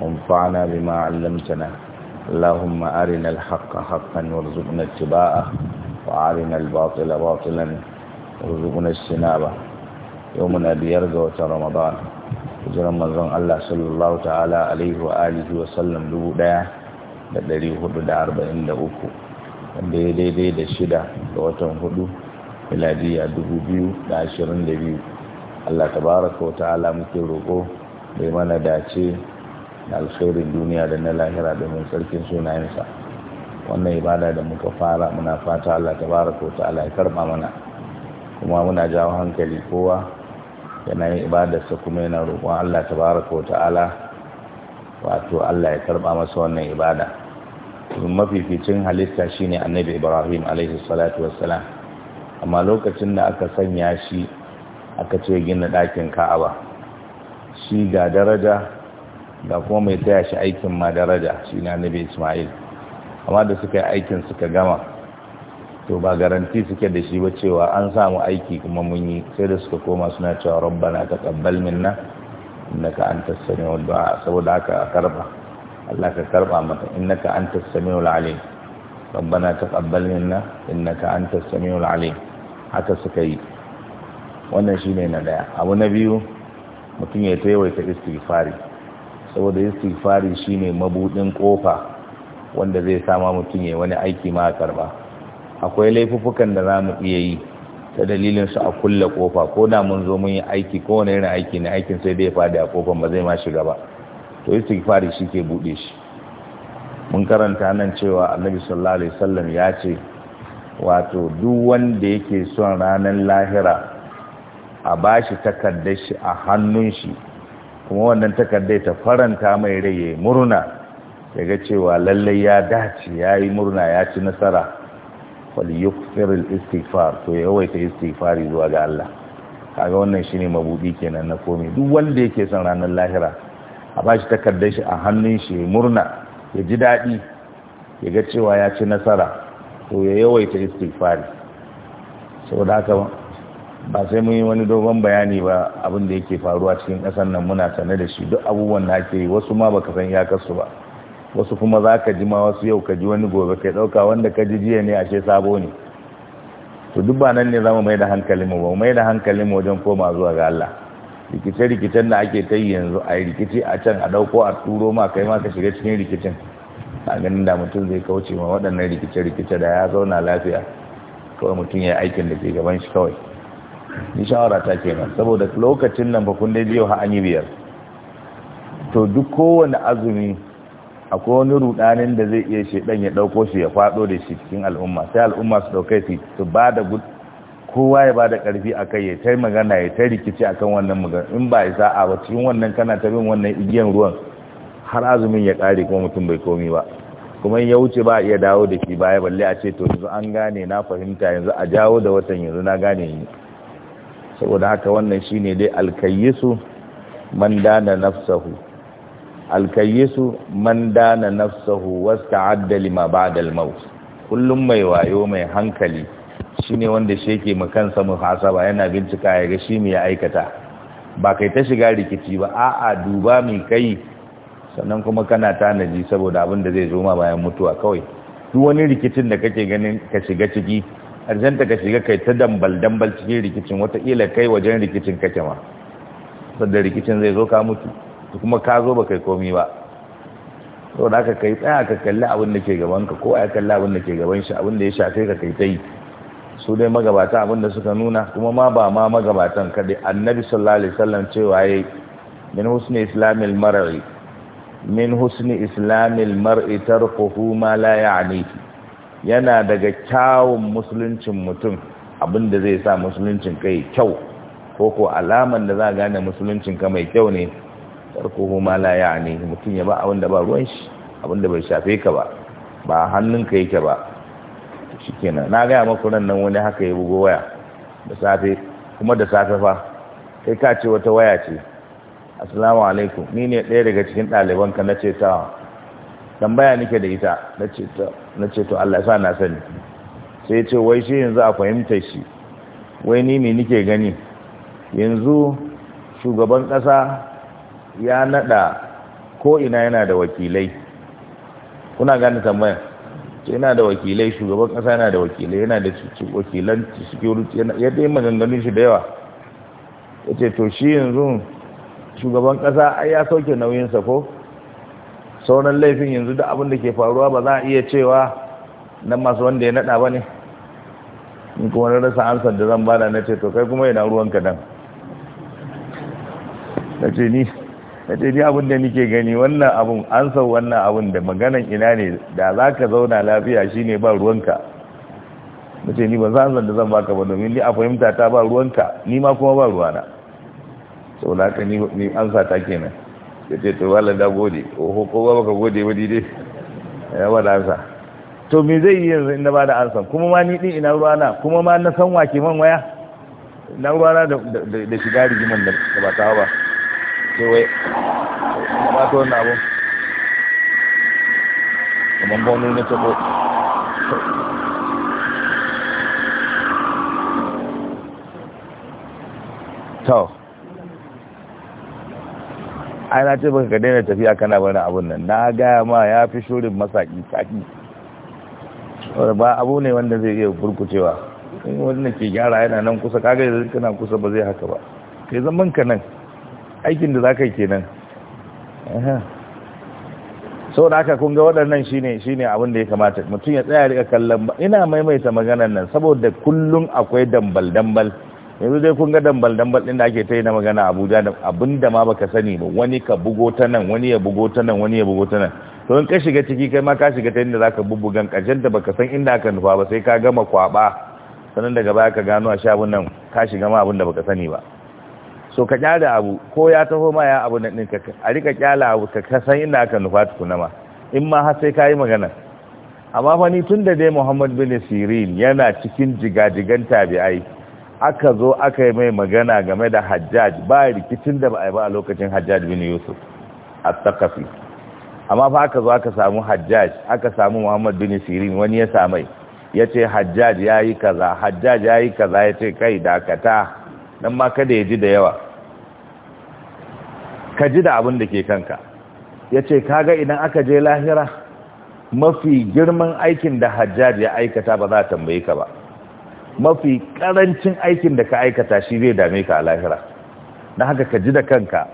وانفعنا بما علمتنا اللهم أرنا الحق حقا وارزقنا اتباعه وأرنا الباطل باطلا وارزقنا اجتنابه يومنا بيرجع رمضان hijiran manzon Allah sallallahu ta'ala alaihi wa alihi wa sallam uku, wanda ya daidai da shida ga watan hudu miladiya biyu. Allah tabaraka wata ta'ala muke roƙo bai mana dace da alkhairin duniya da na lahira domin sarkin sunayensa wannan ibada da muka fara muna fata Allah baraka wa ta'ala ya karba mana kuma muna jawo hankali kowa yana yin ibadarsa kuma yana roƙon Allah baraka wa ta'ala wato Allah ya karba masa wannan ibada mafificin halitta shine annabi Ibrahim alaihi salatu wassalam amma lokacin da aka sanya shi aka ce gina ɗakin Ka'aba shi ga daraja da kuma mai taya shi aikin ma daraja shi na nabi ismail amma da suka yi aikin suka gama to ba garanti suke da shi ba cewa an samu aiki kuma mun yi sai da suka koma suna cewa rabbana taqabbal minna innaka antas samiul du'a saboda haka karba Allah ka karba mata innaka antas samiul alim rabbana taqabbal minna innaka antas samiul alim haka suka yi wannan shine na daya abu na biyu mutum ya taiwaita istighfari saboda shi ne mabuɗin ƙofa wanda zai sama mutum ya wani aiki ma a karba akwai laifuffukan da zamu iya yi ta dalilin su a kulle kofa ko da mun zo mun yi aiki ko wani irin aiki na aikin sai dai ya fadi a kofan ba zai ma shiga ba to istighfari shi ke buɗe shi mun karanta nan cewa annabi sallallahu alaihi wasallam ya ce wato duk wanda yake son ranar lahira a bashi takardar shi a hannun shi kuma wannan takardai ta faranta mai rai murna ya ga cewa lallai ya dace ya yi murna ya ci nasara falyukfir al-istighfar to yawaita istighfari zuwa ga Allah kaga wannan shine mabudi kenan na komai duk wanda yake son ranar lahira a bashi takardar shi a hannun shi murna ya ji daɗi ya ga cewa ya ci nasara to ya yawaita istighfari saboda haka ba sai mun yi wani dogon bayani ba abin da yake faruwa cikin ƙasar nan muna sane da shi duk abubuwan da ake yi wasu ma baka san ya kasu ba wasu kuma za ka ji ma wasu yau ka ji wani gobe kai ɗauka wanda ka ji jiya ne ashe sabo ne to duk ba nan ne za mu mai da hankalinmu ba mai da hankali hankalinmu wajen koma zuwa ga Allah rikice-rikicen da ake ta yanzu a yi rikici a can a ɗauko a turo ma kai ma ka shiga cikin rikicin a ganin da mutum zai kauce ma waɗannan rikice-rikice da ya zauna lafiya kawai mutum ya aikin da ke gaban shi kawai ni shawara ta kenan saboda lokacin nan ba kun dai yau an yi biyar to duk kowane azumi akwai wani rudanin da zai iya shedan ya dauko shi ya fado da shi cikin al'umma sai al'umma su dauke shi su ba da kowa ya ba da karfi a kai ya tai magana ya tai rikici akan wannan magana in ba ya sa'a ba cikin wannan kana ta bin wannan igiyan ruwan har azumin ya kare kuma mutum bai komi ba kuma ya wuce ba a iya dawo da shi baya balle a ce to yanzu an gane na fahimta yanzu a jawo da watan yanzu na gane ni saboda haka wannan shine dai alkayyisu man dana nafsahu alkayyisu man dana nafsahu wasta'adda lima ba'da al-maut kullum mai wayo mai hankali shine wanda shi yake makansa muhasaba yana bincika ya ga shi me ya aikata ba kai ta shiga rikici ba a'a duba mai kai sannan kuma kana tanaji saboda abin da zai zo ma bayan mutuwa kawai duk wani rikicin da kake ganin ka shiga ciki arjanta ka shiga kai ta dambal dambal cikin rikicin wataƙila kai wajen rikicin kake ma sadda rikicin zai zo ka mutu kuma ka zo ba kai komi ba sau da aka kai tsaya ka kalli abin da ke gaban ka ko a kalli abin da ke gaban shi abin da ya shafe ka kai ta yi su dai magabata abin da suka nuna kuma ma ba ma magabatan kaɗai annabi sallallahu alaihi wasallam cewa yayi min husni islamil mar'i min husni islamil mar'i tarkuhu ma la ya'nihi yana daga kyawun musuluncin mutum abinda zai sa musuluncin kai kyau ko ko alaman da za a gane musuluncin ka mai kyau ne tarkuhu huma la ne mutum ya ba abin da ba ruwan shi abin da bai shafe ka ba ba hannun ka yake ba shi kenan na gaya maku nan nan wani haka ya bugo waya da safe kuma da safe fa kai ka ce wata waya ce assalamu alaikum ni ne ɗaya daga cikin ɗalibanka na ce sawa tambaya nake da ita na ce to Allah sa na sani sai ce wai shi yanzu a fahimta shi wai ni ne nike gani yanzu shugaban ƙasa ya nada ko ina yana da wakilai kuna gane tambayar ce yana da wakilai shugaban ƙasa yana da wakilai yana da wakilan security yadda yin maganganun shi da yawa ya ce to shi yanzu shugaban ƙasa ya sauke nauyinsa ko sauran laifin yanzu da abin da ke faruwa ba za a iya cewa nan masu wanda ya nada ba ne in kuma na rasa amsar da zan bada na ce to kai kuma yana ruwanka kadan na ce ni na ce ni abin da nike gani wannan abin an sau wannan abin da maganan ina ne da za ka zauna lafiya shine ba ruwanka na ce ni ba za da zan baka ba domin ni a fahimta ta ba ruwanka ni ma kuma ba ruwana sau da haka ni amsa ta kenan ya ce to wala da gode oho ko ba ka gode ba dai ya ba da ansa to me zai yi yanzu inda ba da ansa kuma ma ni din ina ruwana kuma ma na san wake man waya na ruwana da da shiga rigiman da ba ta ba to wai ba to na abu kuma bonu ne to to ai na ce baka ka daina tafiya kana barin abun nan na gaya ma ya fi shurin masaki saki ba abu ne wanda zai iya burkucewa in wanda ke gyara yana nan kusa kaga yanzu kana kusa ba zai haka ba kai zaman ka nan aikin da zaka yi kenan sau da aka kunga waɗannan shine shine abin da ya kamata mutum ya tsaya riƙa kallon ina maimaita maganar nan saboda kullum akwai dambal dambal yanzu dai kun ga dambal dambal din da ake ta yi na magana abuja da da ma baka sani ba wani ka bugo ta nan wani ya bugo ta nan wani ya bugo ta nan to in ka shiga ciki kai ma ka shiga ta inda zaka bubbugan karshen da baka san inda aka nufa ba sai ka gama kwaba sanan daga baya ka gano a sha abun nan ka shiga ma abun da baka sani ba so ka kyala abu ko ya taho ma ya abu nan din ka a rika kyala abu ka san inda aka nufa tukuna ma in ma har sai ka yi magana amma fa ni tun da dai Muhammad bin Sirin yana cikin jigajigan tabi'ai aka zo aka yi mai magana game da hajjaj ba rikicin da ba a yi ba a lokacin hajjaj bin yusuf a tsakafi amma fa aka zo aka samu hajjaj aka samu muhammad bin sirin wani ya samai ya ce hajjaj ya yi kaza hajjaj ya yi kaza ya ce kai dakata don ma kada ya ji da yawa ka ji da abin da ke kanka ya ce kaga idan aka je lahira mafi girman aikin da hajjaj ya aikata ba za a tambaye ka ba mafi karancin aikin da ka aikata shi zai dame ka a lahira na haka ka ji da kanka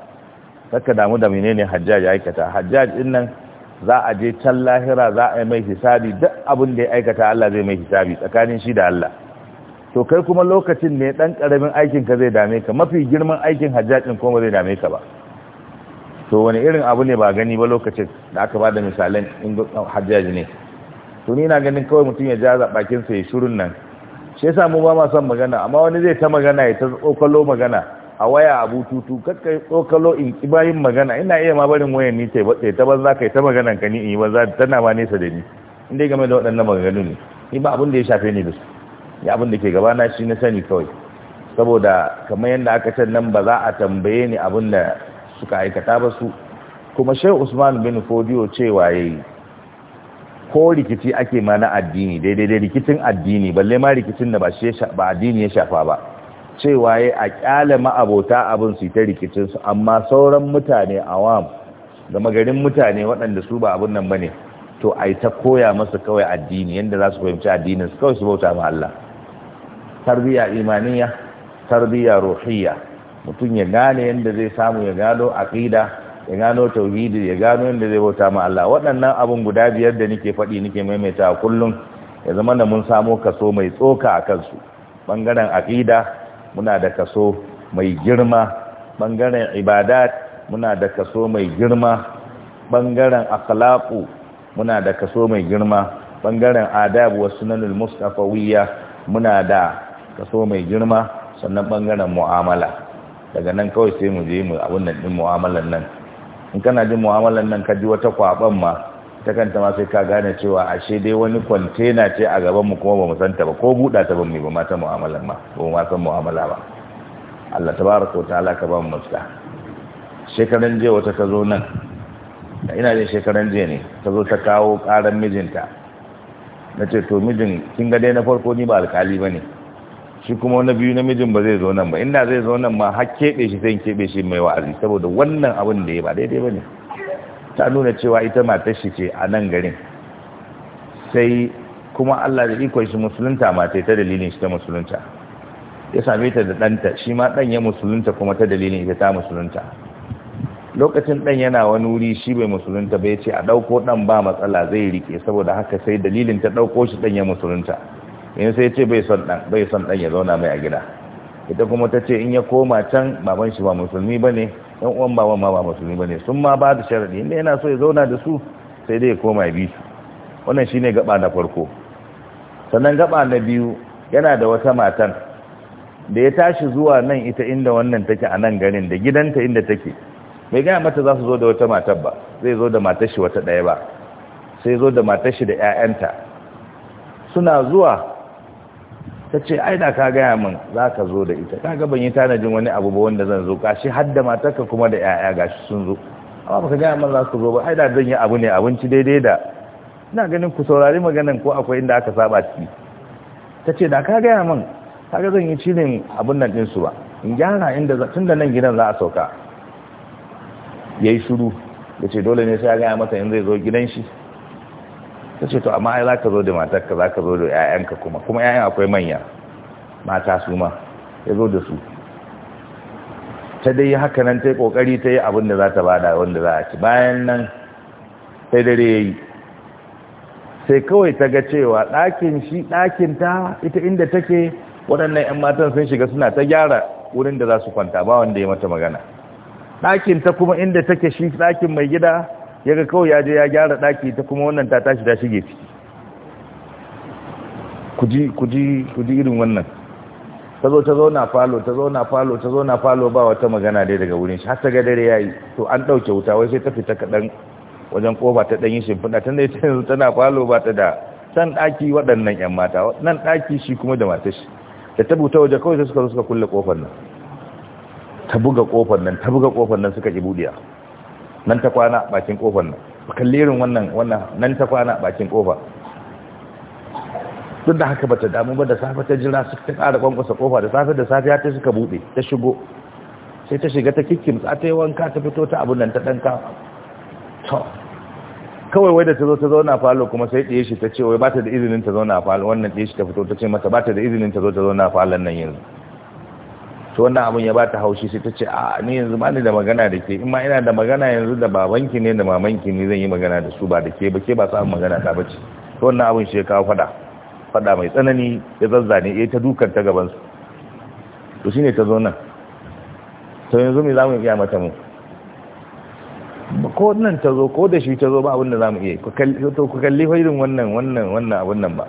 saka damu da menene hajjaj aikata hajjaj din nan za a je can lahira za a yi mai hisabi duk abin da ya aikata Allah zai mai hisabi tsakanin shi da Allah to kai kuma lokacin ne dan karamin aikin ka zai dame ka mafi girman aikin hajjaj din kuma zai dame ka ba to wani irin abu ne ba gani ba lokacin da aka bada da misalan in hajjaj ne to ni na ganin kawai mutum ya ja jaza sa ya shirun nan shi yasa mu ba ma san magana amma wani zai ta magana ya ta tsokalo magana a waya a bututu kakka tsokalo in ki magana ina iya ma barin wayan ni ta ta banza kai ta magana ka ni in yi banza tana ma nesa da ni in ya game da waɗannan maganganu ne ni ba abin da ya shafe ni da su ya abin da ke gabana shi na sani kawai saboda kamar yadda aka can nan ba za a tambaye ni abin da suka aikata ba su kuma shehu usman bin fodiyo cewa ya yi ko rikici ake ma na addini daidai da rikicin addini balle ma rikicin da ba addini ya shafa ba cewa ya a kyale ma'abota abin su ta rikicinsu amma sauran mutane awam da magarin mutane waɗanda su ba abin nan ba ne to a yi ta koya masu kawai addini yadda za su fahimci addinin su kawai su bauta ma Allah tarbiya imaniya tarbiya ruhiyya mutum ya gane yadda zai samu ya gano aqida ya gano tauhidi ya gano inda zai bauta ma Allah waɗannan abun guda biyar da nake faɗi nake maimaita kullum ya zama da mun samo kaso mai tsoka a kansu ɓangaren aƙida muna da kaso mai girma ɓangaren ibada muna da kaso mai girma ɓangaren akhlaqu muna da kaso mai girma ɓangaren adab wa sunanul mustafawiyya muna da kaso mai girma sannan ɓangaren mu'amala daga nan kawai sai mu je mu abun nan din mu'amalan nan in kana jin mu'amalan nan ka ji wata kwaban ma ta kanta ma sai ka gane cewa ashe dai wani kwantena ce a gaban mu kuma bamu ta ba ko buɗa ta ban mu ba mata mu'amalar mu'amalan ma ba mu san mu'amala ba Allah tabaraka ta'ala ka ba mu mafita shekaran jiya wata ka zo nan ina jin shekaran jiya ne ta zo ta kawo ƙaran mijinta na ce to mijin kin ga dai na farko ni ba alkali ba ne shi kuma wani biyu namijin ba zai zo nan ba inda zai zo nan ma har keɓe shi sai keɓe shi mai wa'azi saboda wannan abin da ya ba daidai ba ne ta nuna cewa ita matar shi ce a nan garin sai kuma Allah da ikon shi musulunta mata ta dalilin shi ta musulunta ya same ta da ɗanta shi ma ɗan ya musulunta kuma ta dalilin ita ta musulunta lokacin ɗan yana wani wuri shi bai musulunta ba ya ce a ɗauko ɗan ba matsala zai rike saboda haka sai dalilin ta ɗauko shi ɗan ya musulunta in sai ce bai son dan bai son dan ya zauna mai a gida ita kuma ta ce in ya koma can baban shi ba musulmi bane 'yan uwan baban ma ba musulmi bane sun ma ba da sharadi inda yana so ya zauna da su sai dai ya koma ya bi su wannan shine gaba na farko sannan gaba na biyu yana da wata matan da ya tashi zuwa nan ita inda wannan take a nan garin da gidanta inda take bai gaya mata za su zo da wata matar ba zai zo da matar shi wata ɗaya ba sai zo da matar shi da 'ya'yanta suna zuwa ta ce ai da ka gaya min za ka zo da ita ka ga ban yi tanajin wani abu ba wanda zan zo kashi har matarka kuma da 'ya'ya gashi sun zo amma baka gaya min za ka zo ba ai da zan yi abu ne abinci daidai da ina ganin ku saurari maganan ko akwai inda aka saba ciki ta ce da ka gaya min ka ga zan yi cilin abin nan ɗinsu ba in gyara inda tun da nan gidan za a sauka ya yi shuru da ce dole ne sai ya gaya mata in zai zo gidan shi ta ce to amma ai za ka zo da matarka za ka zo da 'ya'yanka kuma kuma 'ya'yan akwai manya mata su ma ya zo da su ta dai haka nan ta yi ƙoƙari ta yi abin da za ta bada wanda za a ci bayan nan sai dare ya yi sai kawai ta ga cewa ɗakin shi ɗakin ta ita inda take waɗannan 'yan matan sun shiga suna ta gyara wurin da za su kwanta ba wanda ya mata magana ɗakin ta kuma inda take shi ɗakin mai gida ya ga kawai ya je ya gyara daki ta kuma wannan ta tashi ta shige ciki kuji kuji kuji irin wannan ta zo ta zauna falo ta zauna falo ta zauna falo ba wata magana dai daga wurin shi har ta ga dare yayi to an ɗauke wuta wai sai ta fita kadan wajen kofa ta yi shimfiɗa ta dai yanzu tana falo ba ta da san ɗaki waɗannan 'yan mata nan ɗaki shi kuma da matar shi da ta buta waje kawai sai suka zo suka kulle kofar nan ta buga kofar nan ta buga kofar nan suka ki buɗiya nan ta kwana bakin kofar nan kallerin wannan wannan nan ta kwana bakin kofa duk da haka bata damu ba da safe ta jira su ta ƙara kwankwasa kofa da safe da safe ta suka buɗe ta shigo sai ta shiga ta kikkim a ta yi wanka ta fito ta abu nan ta ɗanka to kawai wai da ta zo ta zauna falo kuma sai ɗaya shi ta ce wai ba ta da izinin ta zauna falo wannan ɗaya shi ta fito ta ce mata ba ta da izinin ta zo ta zauna falon nan yanzu To wannan abun ya bata haushi sai ta ce a ni yanzu ba ni da magana da ke in ma ina da magana yanzu da babanki ne da mamanki ne zan yi magana da su ba da ke ba ke ba abin magana ta bace to wannan abun shi ya kawo fada fada mai tsanani ya zazzane ya ta dukan ta gaban su to shine ta zo nan to yanzu me zamu iya mata mu ko nan ta zo ko da shi ta zo ba abin da zamu iya ku kalli to ku kalli irin wannan wannan wannan abun nan ba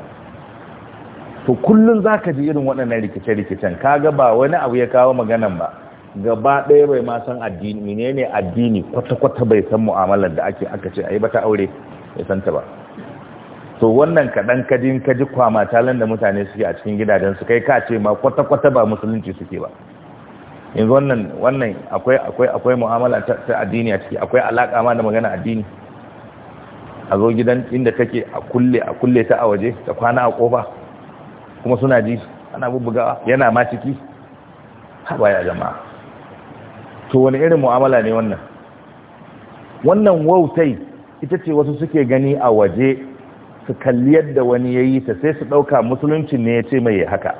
to kullum za ka ji irin waɗannan rikice-rikicen ka ga ba wani abu ya kawo maganan ba gaba ɗaya bai ma san addini menene addini kwata-kwata bai san mu'amalar da ake aka ce yi bata aure ya santa ba to wannan kaɗan kadin ka ji kwamatalan da mutane suke a cikin gidajen su kai ka ce ma kwata-kwata ba musulunci suke ba yanzu wannan wannan akwai akwai akwai mu'amala ta addini a ciki akwai alaka ma da magana addini a zo gidan inda take a kulle a kulle ta a waje ta kwana a kofa kuma suna ji ana bubbugawa yana ma ciki haba ya jama'a to wani irin mu'amala ne wannan wannan wautai ita ce wasu suke gani a waje su kalli yadda wani ya yi ta sai su ɗauka musulunci ne ya ce mai haka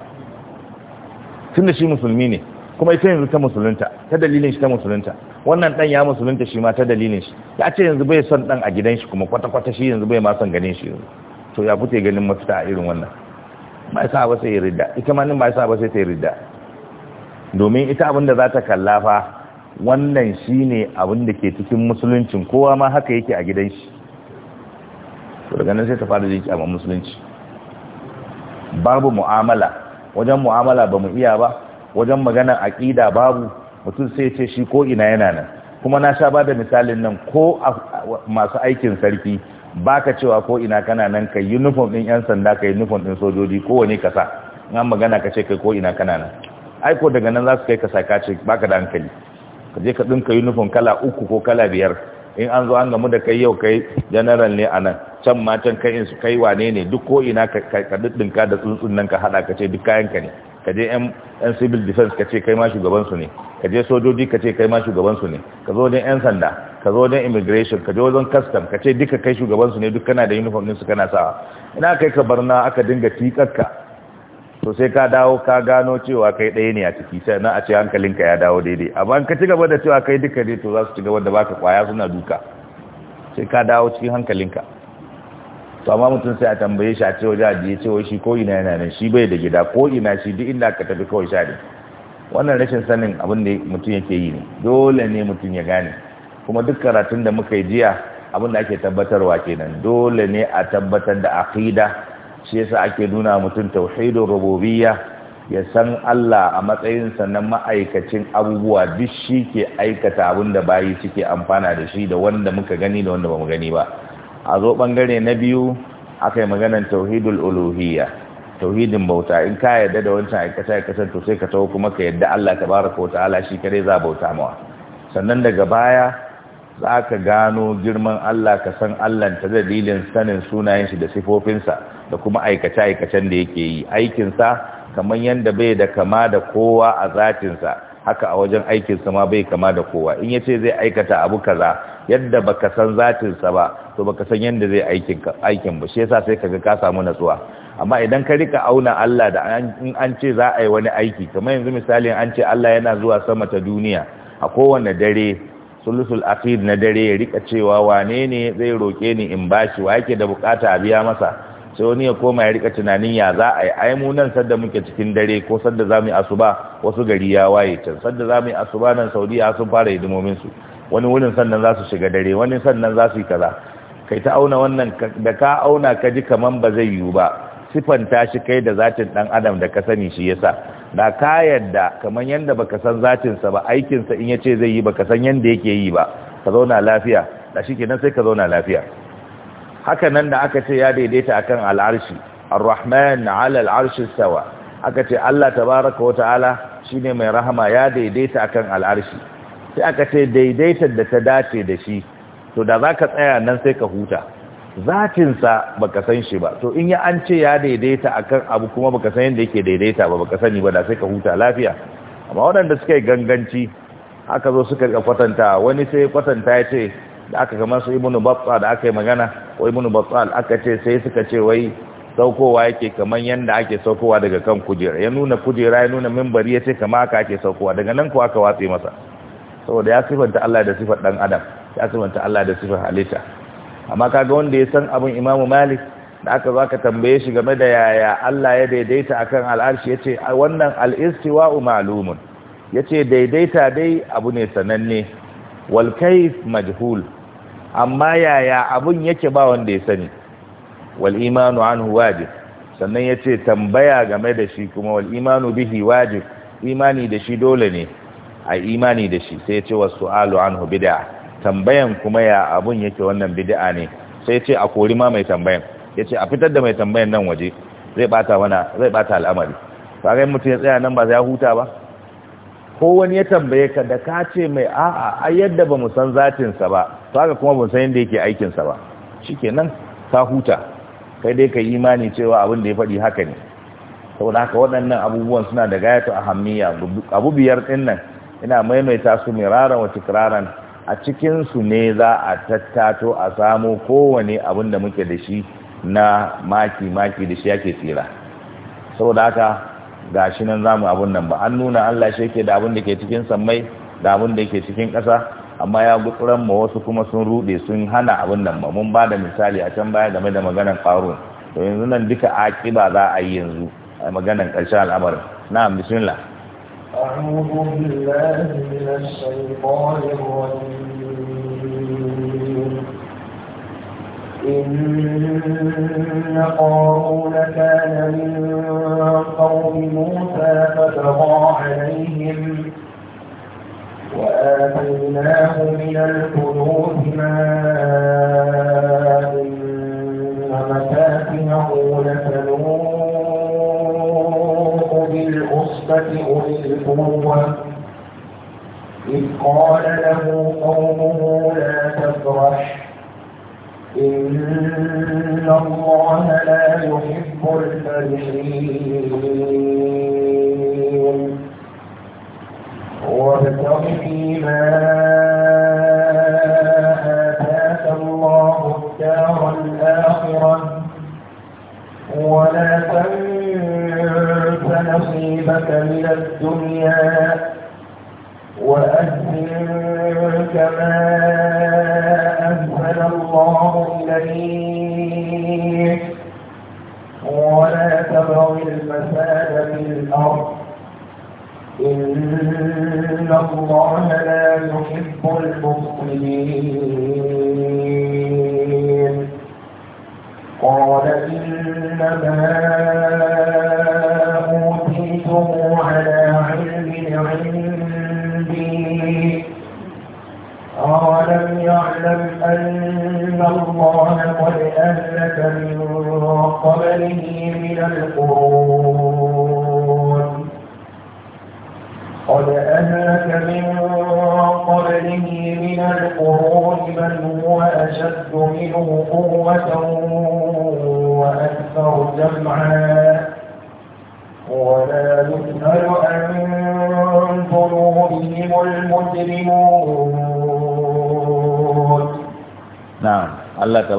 tun da shi musulmi ne kuma ita yanzu ta musulunta ta dalilin shi ta musulunta wannan ɗan ya musulunta shi ma ta dalilin shi ya ce yanzu bai son ɗan a gidan shi kuma kwata-kwata shi yanzu bai ma son ganin shi to ya fute ganin mafita a irin wannan ba sa ba sai ridda ita ma nan ba sa ba sai ta ridda domin ita abin da za ta kalla fa wannan shine abin da ke cikin musuluncin kowa ma haka yake a gidan shi daga nan sai ta fara jin a musulunci babu mu'amala wajen mu'amala ba mu iya ba wajen magana aƙida babu mutum sai ce shi ko ina yana nan kuma na sha ba da misalin nan ko masu aikin sarki baka cewa ko ina kana nan kai uniform din yan sanda yi uniform ɗin sojoji kowane ka sa in an magana ka ce kai ko ina kana nan ai ko daga nan za su kai ka kace baka da hankali ka je ka yi uniform kala uku ko kala biyar in an zo an gamu da kai yau kai general ne a nan can matan can kai wane ne duk ko ina ka ɗinɗinka da tsuntsun nan ka haɗa ka ce duk kayan ka ne ka je yan civil defense ka ce kai ma shugabansu ne ka je sojoji ka ce kai ma shugabansu ne ka zo wajen yan sanda ka zo wajen immigration ka je wajen custom ka ce duka kai shugabansu ne duk kana da uniform ɗinsu kana sawa ina kai ka barna aka dinga ka to sai ka dawo ka gano cewa kai ɗaya ne a ciki sai na a ce hankalinka ya dawo daidai amma ka ci gaba da cewa kai duka ne to za su ci gaba da baka kwaya suna duka sai ka dawo cikin hankalin ka. to amma mutum sai a tambaye shi a ce waje ya ce wai shi ko ina yana nan shi bai da gida ko ina shi duk inda ka tafi kawai sha wannan rashin sanin abin da mutum yake yi ne dole ne mutum ya gane kuma duk karatun da muka yi jiya abin da ake tabbatarwa kenan dole ne a tabbatar da aqida shi yasa ake nuna mutum tauhidur rububiyya ya san Allah a matsayin sa sannan ma'aikacin abubuwa duk shi ke aikata abin da bayi suke amfana da shi da wanda muka gani da wanda ba mu gani ba a zo bangare na biyu aka yi maganar tauhidul uluhiyya tauhidin bauta in ka yarda da wancan aikata aikatan to sai ka taho kuma ka yarda Allah tabaraka wa ta'ala shi kare za bauta mawa sannan daga baya za ka gano girman Allah ka san Allah ta dalilin sanin sunayen shi da sifofinsa da kuma aikace aikacen da yake yi aikinsa kamar yadda bai da kama da kowa a zatinsa haka a wajen aikinsa ma bai kama da kowa in ya ce zai aikata abu kaza yadda baka san zatinsa ba to baka san yadda zai aikin ba shi yasa sai kaga ka samu natsuwa amma idan ka rika auna Allah da in an ce za a yi wani aiki kamar yanzu misalin an ce Allah yana zuwa sama ta duniya a kowane dare sulusul Asir na dare ya rika cewa wane ne zai roke ni in bashi wa yake da bukata a biya masa sai wani ya koma ya rika tunanin ya za a yi ai mu nan sadda muke cikin dare ko sadda za yi asuba wasu gari ya waye can sadda za yi asuba nan saudiya sun fara hidimomin su wani wurin sannan za su shiga dare wani sannan za su yi kaza kai ta auna wannan da ka auna ka ji kaman ba zai yiwu ba sifan ta shi kai da zatin dan adam da ka sani shi yasa da ka yadda kaman yanda baka san zatin sa ba aikin sa in ce zai yi baka san yanda yake yi ba ka zauna lafiya da kenan sai ka zauna lafiya haka nan da aka ce ya daidaita akan al'arshi ar-rahman 'ala al sawa aka ce Allah tabaaraka wa ta'ala shine mai rahama ya daidaita akan al'arshi sai aka ce daidaitar da ta dace da shi to da za ka tsaya nan sai ka huta zatin sa baka san shi ba to in ya an ce ya daidaita akan abu kuma baka san yadda yake daidaita ba baka sani ba da sai ka huta lafiya amma waɗanda suka yi ganganci aka zo suka ga kwatanta wani sai kwatanta ya ce da aka kamar su ibnu batsa da aka yi magana ko ibnu batsa aka ce sai suka ce wai saukowa yake kamar yadda ake saukowa daga kan kujera ya nuna kujera ya nuna mimbari ya ce kama aka ake saukowa daga nan ko aka watse masa saboda ya sifanta Allah da sifar dan adam ya sifanta Allah da sifar halitta amma kaga wanda ya san abin Imam Malik da aka zaka tambaye shi game da yaya Allah ya daidaita akan al'arshi yace wannan al-istiwa'u ma'lumun yace daidaita dai abu ne sananne wal kayf majhul amma yaya abun yake ba wanda ya sani wal imanu anhu wajib sannan yace tambaya game da shi kuma wal bihi wajib imani da shi dole ne a imani da shi sai ya ce wasu alu anhu bid'a tambayan kuma ya abun yake wannan bid'a ne sai ce a kori ma mai tambayan ya ce a fitar da mai tambayan nan waje zai bata wana zai bata al'amari kaga mutum ya tsaya nan ba ya huta ba ko wani ya tambaye ka da ka ce mai a'a a yadda ba mu san zatinsa sa ba kaga kuma ban san yadda yake aikin sa ba shikenan ka huta kai dai ka imani cewa abin da ya faɗi haka ne saboda haka waɗannan abubuwan suna da gayatu ahammiya abu biyar ɗinnan nan ina maimaita su miraran wa tikraran a cikinsu ne za a tattato a samu kowane abin da muke da shi na maki maki da shi yake tsira saboda haka shi nan zamu abun nan ba an nuna Allah shi yake da abin da ke cikin sammai da abin da ke cikin ƙasa amma ya gutsuran ma wasu kuma sun rude sun hana abin nan ba mun ba da misali a can baya game da maganar ƙaro to yanzu nan duka akiba za a yi yanzu a maganar ƙarshen al'amarin na bismillah أعوذ بالله من الشيطان الرجيم إن قارون كان من قوم موسى فبغى عليهم وآتيناه من الكنوز ما إن مفاتحه لتنور الصُّحْبَةِ أُولِي إِذْ قَالَ لَهُ قَوْمُهُ لَا تَفْرَحْ إِنَّ اللَّهَ لَا يُحِبُّ الْفَرِحِينَ وَابْتَغِ فِيمَا آتَاكَ اللَّهُ الدَّارَ الْآخِرَةَ وَلَا تَنْسَ نصيبك من الدنيا وأهل كما أهل الله إليك ولا تبغ المفاد في الأرض إن الله لا يحب المفسدين قال إنما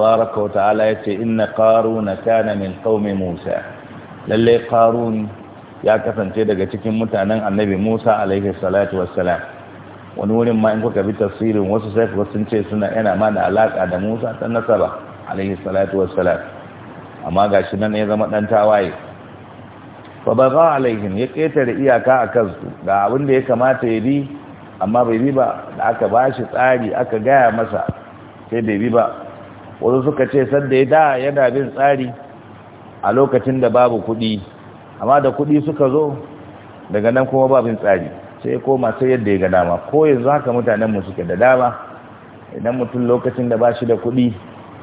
tabaraka wa ta'ala ce inna qaruna kana min qaumi musa lalle ƙarun ya kasance daga cikin mutanen annabi musa alaihi salatu wassalam wani wurin ma in kuka bi tafsirin wasu sai sun ce suna yana ma da alaka da musa ta nasaba alaihi salatu wassalam amma shi nan ya zama dan tawaye fa baga alaihim ya ƙetare iyaka a kansu ga abin da ya kamata ya bi amma bai bi ba da aka bashi tsari aka gaya masa sai bai bi ba wasu suka ce sanda ya da yana bin tsari a lokacin da babu kuɗi amma da kuɗi suka zo daga nan kuma babin tsari sai ya koma sai yadda ya ga dama ko yanzu haka mutanenmu suke da dama idan mutum lokacin da ba shi da kuɗi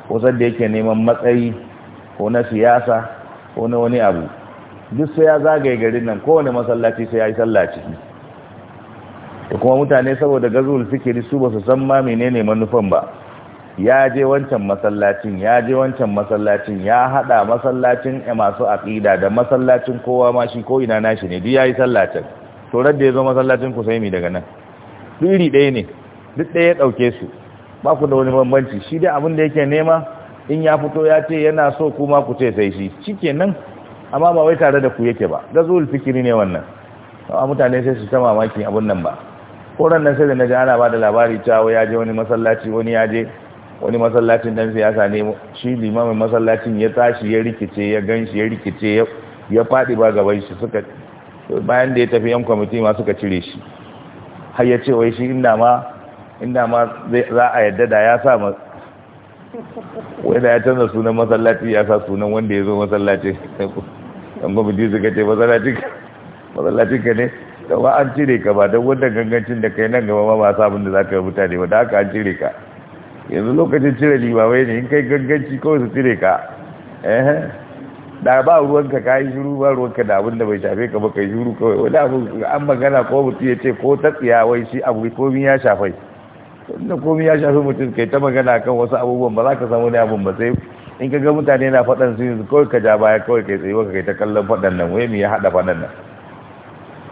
ko sanda yake neman matsayi ko na siyasa ko na wani abu duk sai ya zagaye garin nan kowane masallaci sai ya yi sallah ciki da kuma mutane saboda gazul fikiri su ba su san ma menene manufan ba ya je wancan masallacin ya je wancan masallacin ya hada masallacin masu aqida da masallacin kowa ma shi ko ina nashi ne duk yayi sallacin to radda yazo masallacin ku sai mi daga nan duk iri ɗaya ne duk ɗaya ya dauke su ba ku da wani bambanci shi dai abin da yake nema in ya fito ya ce yana so kuma ku ce sai shi cikenan amma ba wai tare da ku yake ba gazul fikiri ne wannan amma mutane sai su ta mamaki abun nan ba koran nan sai da naji ana ba da labari cewa ya je wani masallaci wani ya je wani masallacin dan siyasa ne shi limamin masallacin ya tashi ya rikice ya ganshi ya rikice ya faɗi ba gaban shi suka bayan da ya tafi yan kwamiti ma suka cire shi har ya ce wai shi inda ma inda ma za a yadda da ya sa ma wai da ya canza sunan masallaci ya sa sunan wanda ya zo masallaci yan kwamiti suka ce masallacin ka ne da ba an cire ka ba don wanda gangancin da kai nan gaba ma ba sabon da za ka mutane ba da haka an cire ka yanzu lokacin cire libawai ne in kai ganganci kawai su cire ka eh da ba ruwanka ka yi shuru ba ruwanka da abin da bai shafe ka ba kai shuru kawai wani abu an magana ko mutum ya ce ko ta tsiyawai shi abu komi ya shafai tunda komi ya shafi mutum kai ta magana kan wasu abubuwan ba za ka samu ne abin ba sai in ka ga mutane na faɗan su yanzu kawai ka ja baya kawai kai tsaye kai ta kallon faɗan nan wai me ya haɗa faɗan nan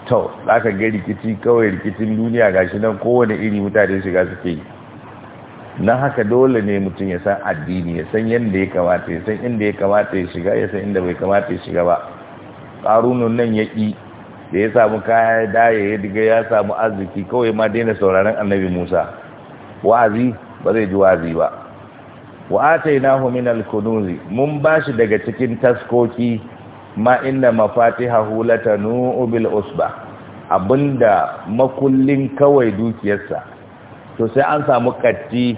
to za ka ga rikici kawai rikicin duniya gashi nan kowane iri mutane shiga suke yi na haka dole ne mutum ya san addini ya san yadda ya kamata ya san inda ya kamata ya shiga ya san inda bai kamata ya shiga ba Ƙarunan nan ya ƙi da ya samu kaya daya ya diga ya samu arziki kawai ma daina sauraron annabi musa wa'azi ba zai ji wa'azi ba wa na min al-kunuzi mun shi daga cikin taskoki ma inda mafati hahulata nu'ubil usba abinda makullin kawai dukiyarsa to sai an samu katti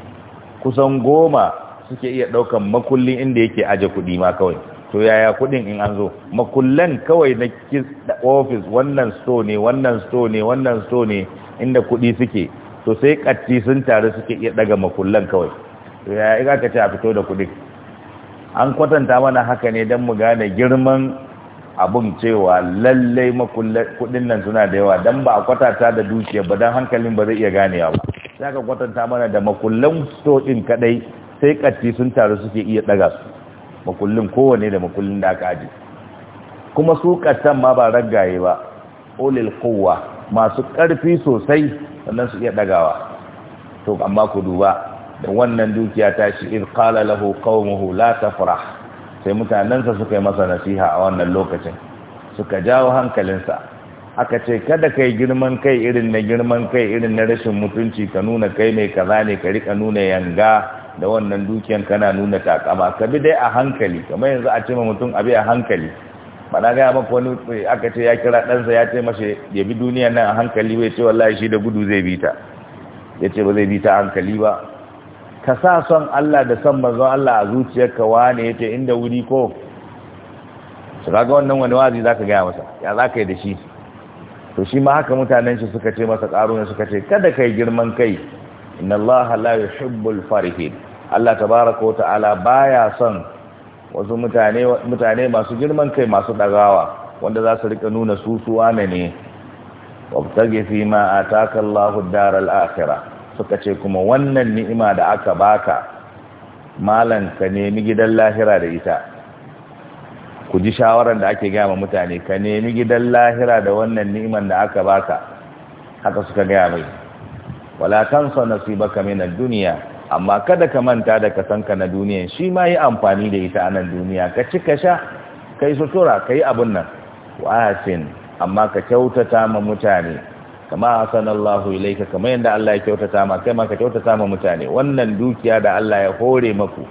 kusan goma suke iya ɗaukan makulli inda yake aje kuɗi ma kawai to yaya kuɗin in an zo makullan kawai na office wannan store ne wannan store ne wannan store ne inda kuɗi suke to sai katti sun taru suke iya daga makullan kawai to yaya in ce a fito da kuɗi an kwatanta mana haka ne don mu gane girman Abin cewa lallai kudin nan suna da yawa don ba a kwatata da dukiya ba don hankalin ba zai iya gane ba sai aka kwatanta mana da makullan stoɗin kadai sai katti sun taru suke iya ɗaga su makullin kowane da makullin da aka aji kuma su kattan ma ba raggaye ba olil kowa masu ƙarfi sosai sannan su iya ɗagawa to amma ku duba da wannan dukiya ta shi in qala lahu qaumuhu la tafrah sai mutanensa suka yi masa nasiha a wannan lokacin suka jawo hankalinsa aka ce kada kai girman kai irin na girman kai irin na rashin mutunci ka nuna kai mai kaza ne ka rika nuna yanga da wannan dukiyan kana nuna takama ka bi dai a hankali kamar yanzu a ce ma mutum abi a hankali na gaya maka wani aka ce ya kira ɗansa ya ce mashi ya bi duniya nan a hankali bai ce wallahi shi da gudu zai bi ta ya ce ba zai bi ta hankali ba ka sa son Allah da son manzon Allah a zuciyarka wane yace inda wuri ko su ga wannan wani wazi zaka gaya masa ya zaka yi da shi to shi ma haka mutanen shi suka ce masa karuna suka ce kada yi girman kai inna Allah la yuhibbul farihin Allah tabaaraka ta'ala baya son wasu mutane masu girman kai masu dagawa wanda za su rika nuna susuwa ne. wane ne fi ma ataka Allahu ad-dar al-akhirah suka ce kuma wannan ni'ima da aka baka malan ka nemi gidan lahira da ita ku ji shawaran da ake gaya mutane ka nemi gidan lahira da wannan ni'iman da aka baka haka suka gaya mai wala tansa nasiba ka ad duniya amma kada ka manta da ka sanka na duniya shi ma yi amfani da ita a nan duniya ka ci ka sha ka yi sutura ka yi abin nan wa amma ka kyautata ma mutane kama sanallahu ilaika kamar yadda Allah ya kyautata ma kai ma ka kyautata ma mutane wannan dukiya da Allah ya hore maku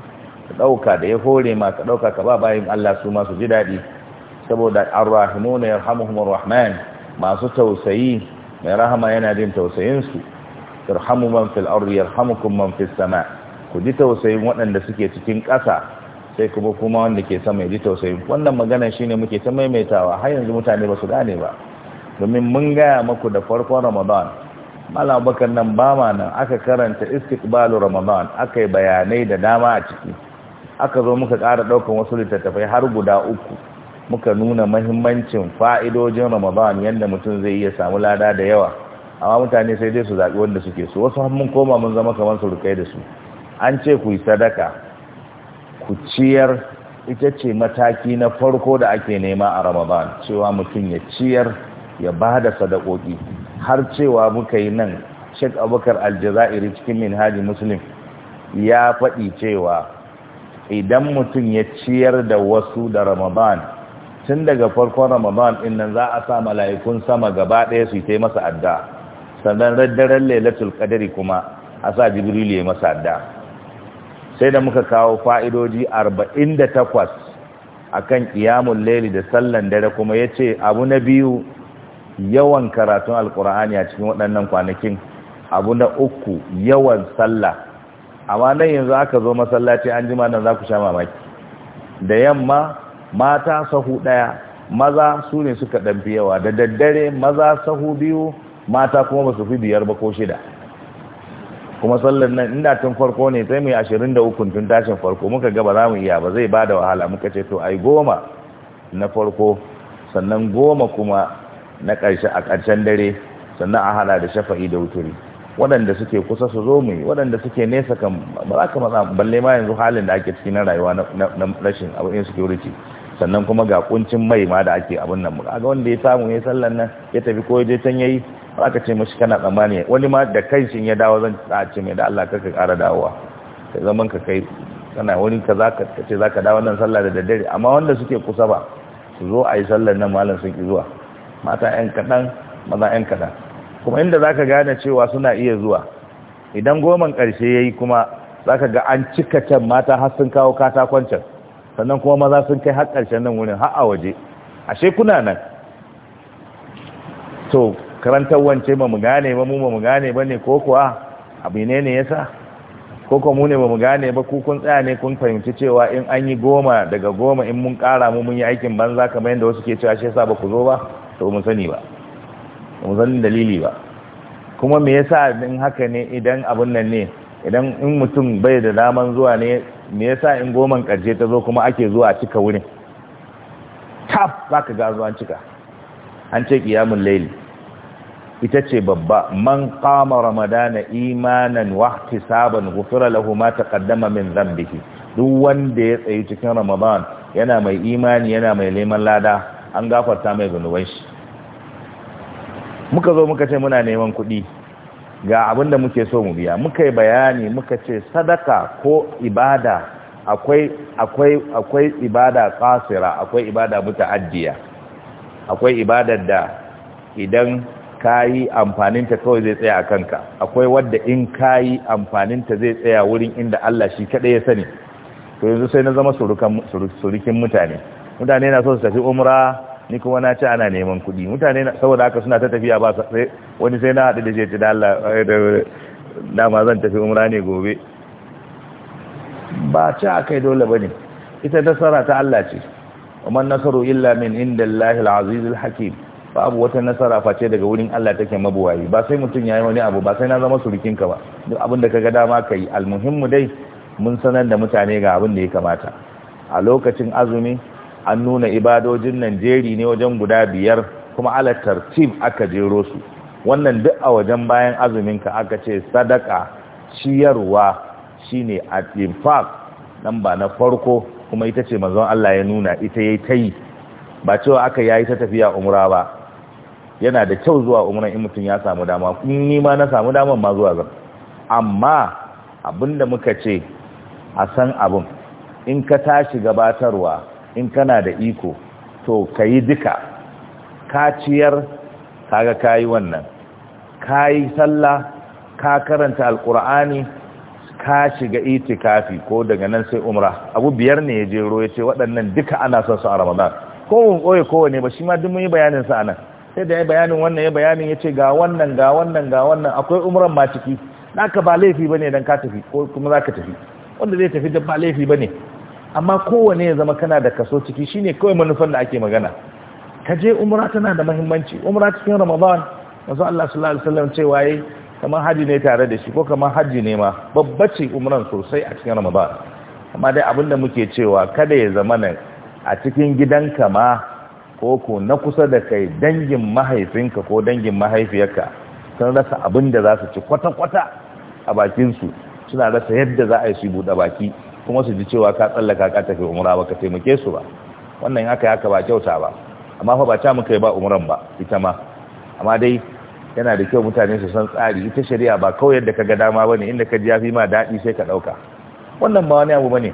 ka dauka da ya hore ma ka dauka ka ba bayin Allah su ma su ji dadi saboda arrahimuna yarhamuhumur rahman masu tausayi mai rahama yana jin tausayin su irhamu man fil ardi yarhamukum man fis sama ku ji tausayin waɗanda suke cikin ƙasa sai kuma kuma wanda ke sama ya ji tausayin wannan magana shine muke ta maimaitawa har yanzu mutane ba su gane ba domin mun gaya maku da farkon ramadan mala bakar nan ba ma nan aka karanta istiqbalu ramadan aka yi bayanai da dama a ciki aka zo muka ƙara ɗaukan wasu littattafai har guda uku muka nuna mahimmancin fa'idojin ramadan yadda mutum zai iya samu lada da yawa amma mutane sai dai su zaɓi wanda suke su wasu mun koma mun zama kamar su rukai da su an ce ku yi sadaka ku ciyar ita ce mataki na farko da ake nema a ramadan cewa mutum ya ciyar ya ba da sadakoki har cewa muka yi nan shek abokar Aljazairi cikin Minhaji Muslim ya faɗi cewa idan mutum ya ciyar da wasu da Ramadan tun daga farkon Ramadan din nan za a sa mala'ikun sama gaba ɗaya su yi masa adda sannan daren Lailatul kadari kuma a sa Jibril ya masa adda sai da muka kawo fa'idoji 48 akan qiyamul leli da sallan dare kuma yace abu na biyu yawan karatun alkur'ani a cikin waɗannan kwanakin abu na uku yawan sallah amma nan yanzu aka zo masallaci an jima nan za ku sha mamaki da yamma mata sahu ɗaya maza su ne suka ɗan yawa da daddare maza sahu biyu mata kuma ba su fi biyar ba ko shida kuma sallar nan inda tun farko ne sai mu yi ashirin da ukun tun tashin farko muka ga ba za mu iya ba zai ba da wahala muka ce to ai goma na farko sannan goma kuma na ƙarshe a ƙarshen dare sannan a hada da shafa'i da wuturi waɗanda suke kusa su zo mai waɗanda suke nesa kan ba za ka matsa balle ma yanzu halin da ake ciki na rayuwa na rashin abu security sannan kuma ga kuncin mai ma da ake abin nan ga wanda ya samu ya sallan nan ya tafi ko ya je can yayi ba ka ce mashi kana tsammani wani ma da kai shin ya dawo zan a ce mai da Allah ka ƙara dawowa sai zaman ka kai kana wani ka za ka ce za ka dawo nan sallah da daddare amma wanda suke kusa ba su zo a yi sallar nan malam sun ki zuwa mata 'yan kaɗan maza 'yan kaɗan kuma inda za ka gane cewa suna iya zuwa idan goman ƙarshe ya yi kuma za ka ga an cika can mata har sun kawo katakon can sannan kuma maza sun kai har ƙarshen nan wurin har a waje ashe kuna nan to karantar wance ba mu gane ba mu ba mu gane ba ne ko kuwa abu ne ne yasa ko kuma mu ne ba mu gane ba ku kun tsaya ne kun fahimci cewa in an yi goma daga goma in mun ƙara mu mun yi aikin banza kamar yadda wasu ke cewa shi yasa ba ku zo ba to mun sani ba mun san dalili ba kuma me yasa din haka ne idan abun nan ne idan in mutum bai da daman zuwa ne me yasa in goman karshe ta zo kuma ake zuwa cika wurin tap zaka ga zuwa cika an ce qiyamul layl ita ce babba man qama ramadana imanan wa ihtisaban ghufira lahu ma taqaddama min dhanbihi duk wanda ya tsayi cikin ramadan yana mai imani yana mai neman lada an gafarta mai zunubai shi muka zo muka ce muna neman kuɗi ga abin da muke so mu biya muka yi bayani muka ce sadaka ko ibada akwai akwai akwai ibada kasira akwai ibada muta'addiya akwai ibadar da idan kayi amfaninta kawai zai tsaya a kanka akwai wadda in kayi amfaninta zai tsaya wurin inda Allah shi kaɗai ya sani to yanzu sai na zama surukin mutane mutane na so su tafi umra ni kuma na ci ana neman kuɗi mutane saboda haka suna ta tafiya ba sai wani sai na haɗu da jeji da Allah dama zan tafi umra ne gobe ba ci akai dole bane ita nasara ta Allah ce umman nasaru illa min indallahi alazizul hakim babu wata nasara face daga wurin Allah take mabuwayi ba sai mutum yayi wani abu ba sai na zama surukin ka ba duk abin da kaga dama kai almuhimmu dai mun sanar da mutane ga abin da ya kamata a lokacin azumi an nuna ibadojin nan ne wajen guda biyar kuma ala tartib aka jero su wannan duk a wajen bayan azumin ka aka ce sadaka ciyarwa shine al-infaq nan ba na farko kuma ita ce manzon Allah ya nuna ita yayi tayi ba cewa aka yayi ta tafiya umra ba yana da kyau zuwa umra in mutum ya samu dama in ni ma na samu dama ma zuwa zan amma abinda muka ce a san abin in ka tashi gabatarwa in kana da iko to ka yi duka ka ciyar kaga ka yi wannan ka yi sallah ka karanta alkur'ani ka shiga kafi ko daga nan sai umra abu biyar ne ya jero ya ce waɗannan duka ana son su a ramadan ko mun koye kowane ba shi ma duk mun yi bayanin sa nan sai da ya bayanin wannan ya bayanin ya ce ga wannan ga wannan ga wannan akwai umran ma ciki naka ba laifi bane dan ka tafi ko kuma zaka tafi wanda zai tafi da ba laifi bane amma kowane ya zama kana da kaso ciki shine kawai manufar da ake magana ka je umra tana da mahimmanci umra cikin ramadan manzo Allah sallallahu alaihi wasallam cewa waye kamar haji ne tare da shi ko kamar haji ne ma babba ce umran sosai a cikin ramadan amma dai abinda muke cewa kada ya zama nan a cikin gidanka ma ko ko na kusa da kai dangin mahaifinka ko dangin mahaifiyarka sun rasa abin da za su ci kwata-kwata a bakinsu suna rasa yadda za a yi su buɗe baki kuma su ji cewa ka tsallaka ka tafi umra ba ka taimake su ba wannan haka yaka ba kyauta ba amma fa ba ta muka yi ba umran ba ita ma amma dai yana da kyau mutane su san tsari ita shari'a ba kawai yadda ka ga dama bane inda ka ji ya fi ma daɗi sai ka ɗauka wannan ba wani abu bane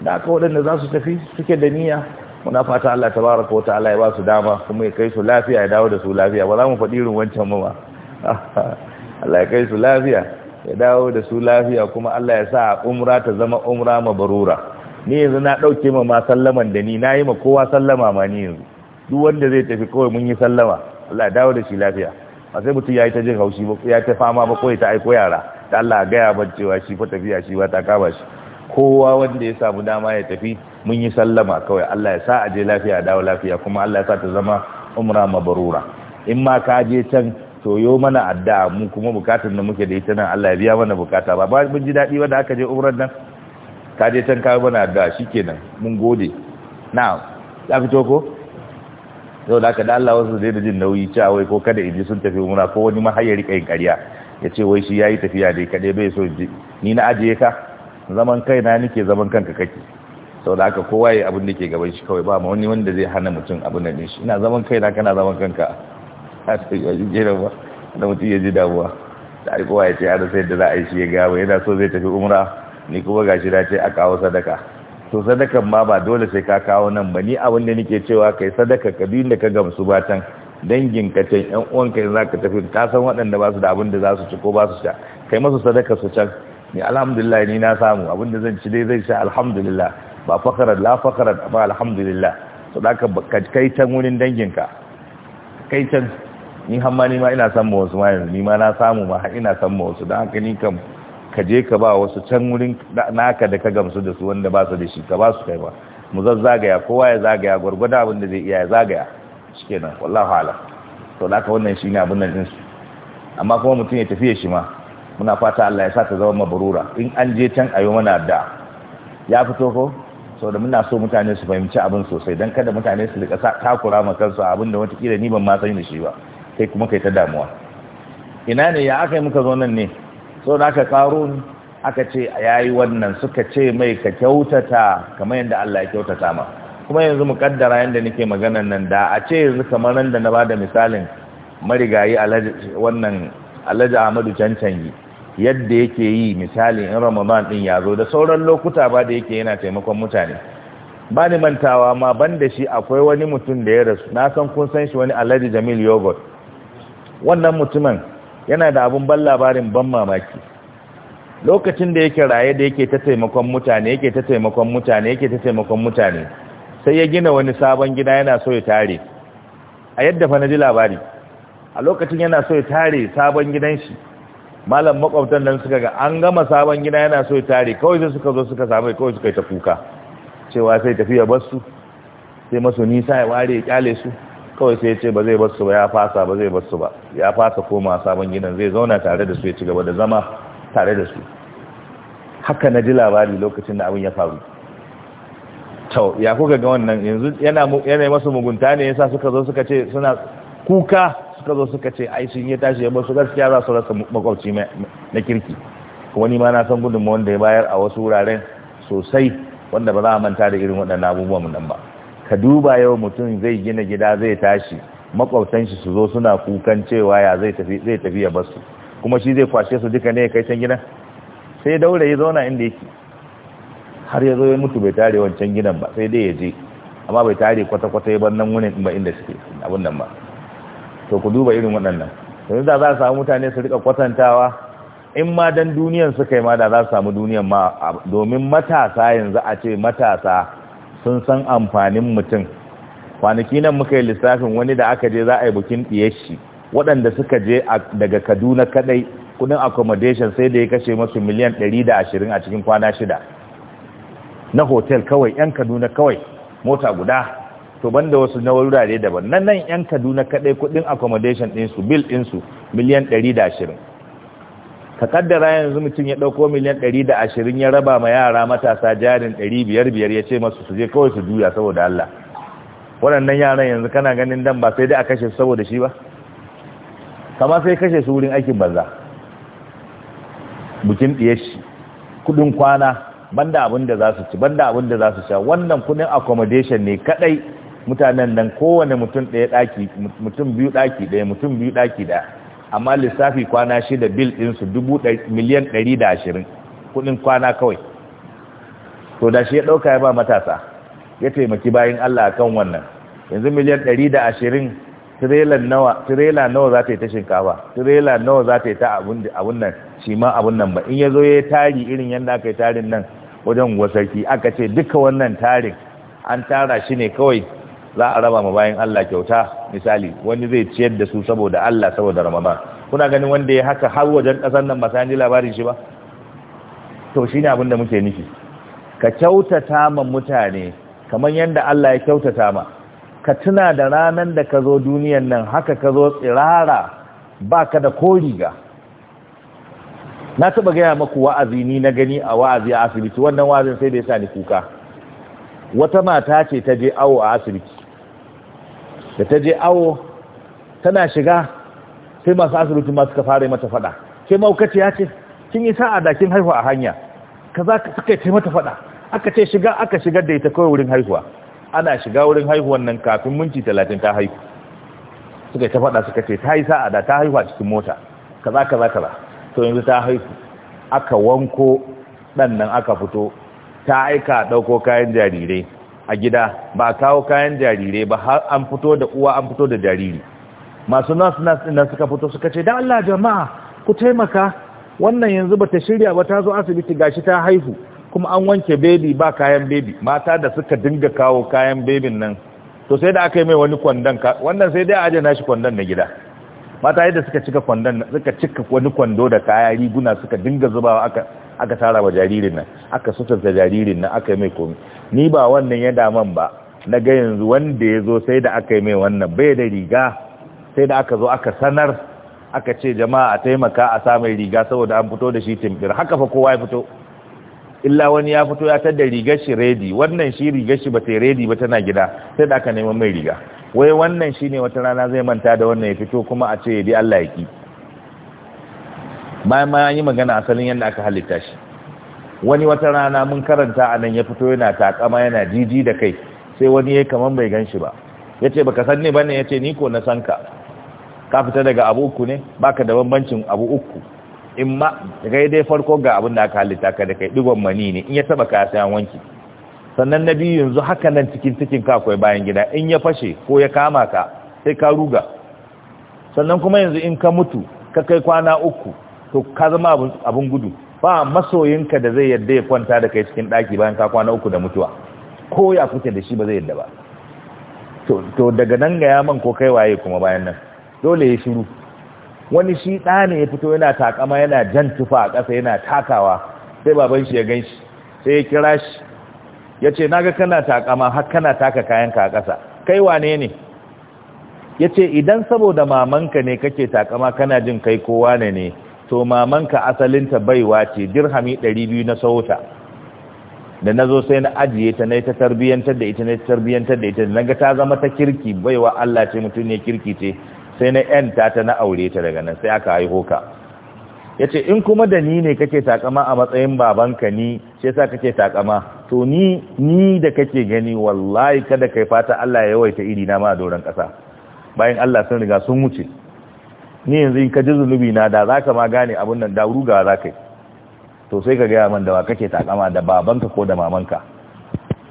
da aka waɗanda za su tafi suke da niyya muna fata Allah tabaraka wa ta'ala ya ba su dama kuma ya kai su lafiya ya dawo da su lafiya ba za mu faɗi irin wancan ba Allah ya kai su lafiya ya dawo da su lafiya kuma Allah ya sa umra ta zama umra mabarura ni yanzu na dauke ma ma sallaman da ni Na yi ma kowa sallama ma ni yanzu duk wanda zai tafi kawai mun yi sallama Allah ya dawo da shi lafiya ba sai mutum yayi ta jin haushi ba ya ta fama ba kawai ta aiko yara da Allah ga ya cewa shi fa tafiya shi ba ta kaba shi kowa wanda ya samu dama ya tafi mun yi sallama kawai Allah ya sa a je lafiya dawo lafiya kuma Allah ya sa ta zama umra mabarura in ma ka je can soyo mana adda mu kuma bukatun da muke da ita nan Allah ya biya mana bukata ba ba mun ji dadi wanda aka je umrar nan ka je can ka mana addu'a shikenan mun gode na'am ya fito ko yau da aka da Allah wasu zai da jin nauyi cewa wai ko kada in ji sun tafi umra ko wani ma har ya rika yin ya ce wai shi yayi tafiya dai kadai bai so ji ni na ajiye ka zaman kaina nake zaman kanka kake sau da aka kowa ya abin da ke gaban shi kawai ba ma wani wanda zai hana mutum abin da shi ina zaman kaina kana zaman kanka mutum da za a yi shi yana so zai tafi umra ni kuma gashi a kawo sadaka to sadakan ma ba dole sai ka kawo nan ba ni abin da nake cewa kai sadaka ka biyun da ka gamsu ba can dangin ka can yan uwan ka za ka tafi ka san waɗanda ba su da abin da za su ci ko ba su sha kai masu sadaka su can ni alhamdulillah ni na samu abin da zan ci dai zai sha alhamdulillah ba fakarar la fakarar ba alhamdulillah so da ka kai can wurin danginka kai can ni ma ni ma ina san ma wasu ma yanzu ni ma na samu ma har ina san ma wasu don haka ni kam ka je ka ba wasu can wurin naka da ka gamsu da su wanda ba su da shi ka ba su kai ba mu zan zagaya kowa ya zagaya gwargwada abin da zai iya ya zagaya shikenan wallahi ala to da haka wannan shine abin nan din su amma kuma mutum ya tafi shi ma muna fata Allah ya sa ta zama mabrura in an je can ayo mana da ya fito ko sau da muna so mutane su fahimci abin sosai don kada mutane su rika takura ma kansu abin da wata ni ban ma sani da shi ba sai kuma kai ta damuwa ina ne ya aka yi muka zo nan ne so da aka karo aka ce ya yi wannan suka ce mai ka kyautata kamar yadda Allah ya kyautata ma kuma yanzu mu kaddara yadda nake maganan nan da a ce yanzu kamar nan da na bada misalin marigayi wannan alhaji ahmadu cancanyi yadda yake yi misali in ramadan din ya zo da sauran lokuta ba da yake yana taimakon mutane ba ni mantawa ma ban da shi akwai wani mutum da ya rasu na san kun san shi wani alhaji jamil yogurt wannan mutumin yana da abin ban labarin ban mamaki lokacin da yake raye da yake ta taimakon mutane yake ta taimakon mutane yake ta taimakon mutane sai ya gina wani sabon gida yana so ya tare a yadda fa na ji labari a lokacin yana so ya tare sabon gidan shi malam makwabtan nan suka ga an gama sabon gida yana so ya tare kawai sai suka zo suka samu kawai suka yi ta kuka cewa sai tafiya bar su sai masu nisa ya ware ya kyale su kawai sai ya ce ba zai basu ba ya fasa ba zai basu ba ya fasa koma sabon gidan zai zauna tare da su ya ci gaba da zama tare da su haka na ji labari lokacin da abin ya faru to ya kuka ga wannan yanzu yana yana masa mugunta ne yasa suka zo suka ce suna kuka suka zo suka ce ai sun yi tashi ya basu gaskiya za su rasa makwabci na kirki kuma ni ma na san gudunmu wanda ya bayar a wasu wuraren sosai wanda ba za a manta da irin waɗannan abubuwan nan ba ka duba yau mutum zai gina gida zai tashi makwabtanshi shi su zo suna kukan cewa ya zai tafi zai tafi ya basu kuma shi zai kwashe su duka ne ya kai can gidan sai daure ya zauna inda yake har ya zo ya mutu bai tare wancan gidan ba sai dai ya je amma bai tare kwata-kwata ya bar nan wurin ba inda suke abin nan ba to ku duba irin waɗannan yanzu da za su samu mutane su rika kwatantawa in ma dan duniyan suka yi ma da za su samu duniyan ma domin matasa yanzu a ce matasa sun san amfanin mutum kwanaki nan muka yi lissafin wani da aka je za a yi bukin ɗiyashi waɗanda suka je daga kaduna kadai kudin accommodation sai da ya kashe masu miliyan 120 a cikin kwana shida na hotel kawai yan kaduna kawai mota guda to ban da wasu na wurare daban nan nan yan kaduna kadai kudin accommodation ɗinsu bill ɗinsu miliyan 120 ka kaddara yanzu mutum ya ɗauko miliyan ɗari da ashirin ya raba ma yara matasa jarin ɗari biyar biyar ya ce masu su je kawai su juya saboda Allah waɗannan yaran yanzu kana ganin dan ba sai dai a kashe su saboda shi ba kama sai kashe su wurin aikin banza bukin ɗiyar shi kuɗin kwana banda abin da za su ci banda abin da za su sha wannan kudin accommodation ne kaɗai mutanen nan kowane mutum ɗaya ɗaki mutum biyu ɗaki ɗaya mutum biyu ɗaki ɗaya amma lissafi kwana shida bil ɗinsu miliyan 120 kudin kwana kawai to da shi ya ɗauka ya ba matasa ya taimaki bayan Allah a kan wannan yanzu miliyan 120 tirela nawa za ta yi ta shinkafa tirela nawa za ta yi ta abun nan shi ma abun nan ba in ya zo ya yi tari irin yadda aka yi tarin nan wajen wasarki aka ce duka wannan tarin an tara shi ne kawai za a raba ma bayan Allah kyauta misali wani zai ciyar da su saboda Allah saboda Ramadan kuna ganin wanda ya haka har wajen kasar nan ba sai labarin shi ba to shine abin da muke nufi ka kyautata ma mutane kamar yadda Allah ya kyautata ma ka tuna da ranar da ka zo duniyan nan haka ka zo tsirara ba ka da koriga na taba gaya maku wa'azi ni na gani a wa'azi a asibiti wannan wa'azin sai da ya sa ni kuka wata mata ce ta je awo a asibiti da ta je awo tana shiga sai masu asibiti ma suka fara mata fada ke maukaci ya ce kin yi sa'a da kin haihuwa a hanya ka ka suka ce mata fada aka ce shiga aka shigar da ita kawai wurin haihuwa ana shiga wurin haihuwan nan kafin minti talatin ta haihu suka yi ta fada suka ce ta yi sa'a da ta haihuwa cikin mota kaza ka ba to yanzu ta haihu aka wanko ɗan nan aka fito ta aika ɗauko kayan jarirai a gida ba a kawo kayan jarirai ba har an fito da uwa an fito da jariri masu nasu nasu nan suka fito suka ce da Allah jama'a ku taimaka wannan yanzu ba ta shirya ba ta zo asibiti gashi ta haihu kuma an wanke bebi ba kayan bebi mata da suka dinga kawo kayan bebin nan to sai da aka yi mai wani kwandon ka wannan sai dai a ajiye nashi kwandon na gida mata yadda suka cika kwandon suka cika wani kwando da kaya riguna suka dinga zubawa aka aka tara wa jaririn nan aka sutarta jaririn nan aka yi mai komi ni ba wannan ya daman ba na ga yanzu wanda ya zo sai da aka yi mai wannan bai da riga sai da aka zo aka sanar aka ce jama'a a taimaka a samun riga saboda an fito da shi timfir haka fa kowa ya fito illa wani ya fito ya da rigar shi redi wannan shi rigar shi ba ta redi ba tana gida sai da aka neman mai riga wai wannan shi ne wata rana zai manta da wannan ya fito kuma a ce ya bi Allah ya ki bayan ma an yi magana asalin yadda aka halitta shi wani wata rana mun karanta a nan ya fito yana takama yana jiji da kai sai wani ya kamar bai gan shi ba ya ce baka san ne ba ne ya ce ni ko na san ka ka fita daga abu uku ne Ba ka da bambancin abu uku in ma kai dai farko ga abin da aka halitta ka da kai digon mani ne in ya taba ka sai an wanki sannan na biyu yanzu haka nan cikin cikin ka akwai bayan gida in ya fashe ko ya kama ka sai ka ruga sannan kuma yanzu in ka mutu ka kai kwana uku to ka zama abin gudu ba masoyinka da zai yadda ya kwanta da kai cikin ɗaki bayan ka kwana uku da mutuwa ko ya kuke da shi ba zai yadda ba to daga nan ga yaman ko kai waye kuma bayan nan dole ya shiru wani shi ɗa ne ya fito yana takama yana jan tufa a ƙasa yana takawa sai baban shi ya gan shi sai ya kira shi ya ce naga kana takama har kana taka kayanka a ƙasa kai wane ne ya ce idan saboda mamanka ne kake takama kana jin kai kowa ne ne to mamanka asalinta baiwa ce dirhami ɗari biyu na sauta da na zo sai na ajiye ta na ta tarbiyyantar da ita na tarbiyyantar da ita na ga ta zama ta kirki baiwa Allah ce mutum ne kirki ce sai na yan ta ta na aure ta daga nan sai aka haihu ka yace in kuma da ni ne kake takama a matsayin babanka ni sai sa kake takama to ni ni da kake gani wallahi kada kai fata Allah ya yawaita iri na ma doron kasa bayan Allah sun riga sun wuce ni yanzu in ka ji zunubi na da zaka ma gane abun nan da ruga zaka yi to sai ka gaya man da kake takama da babanka ko da mamanka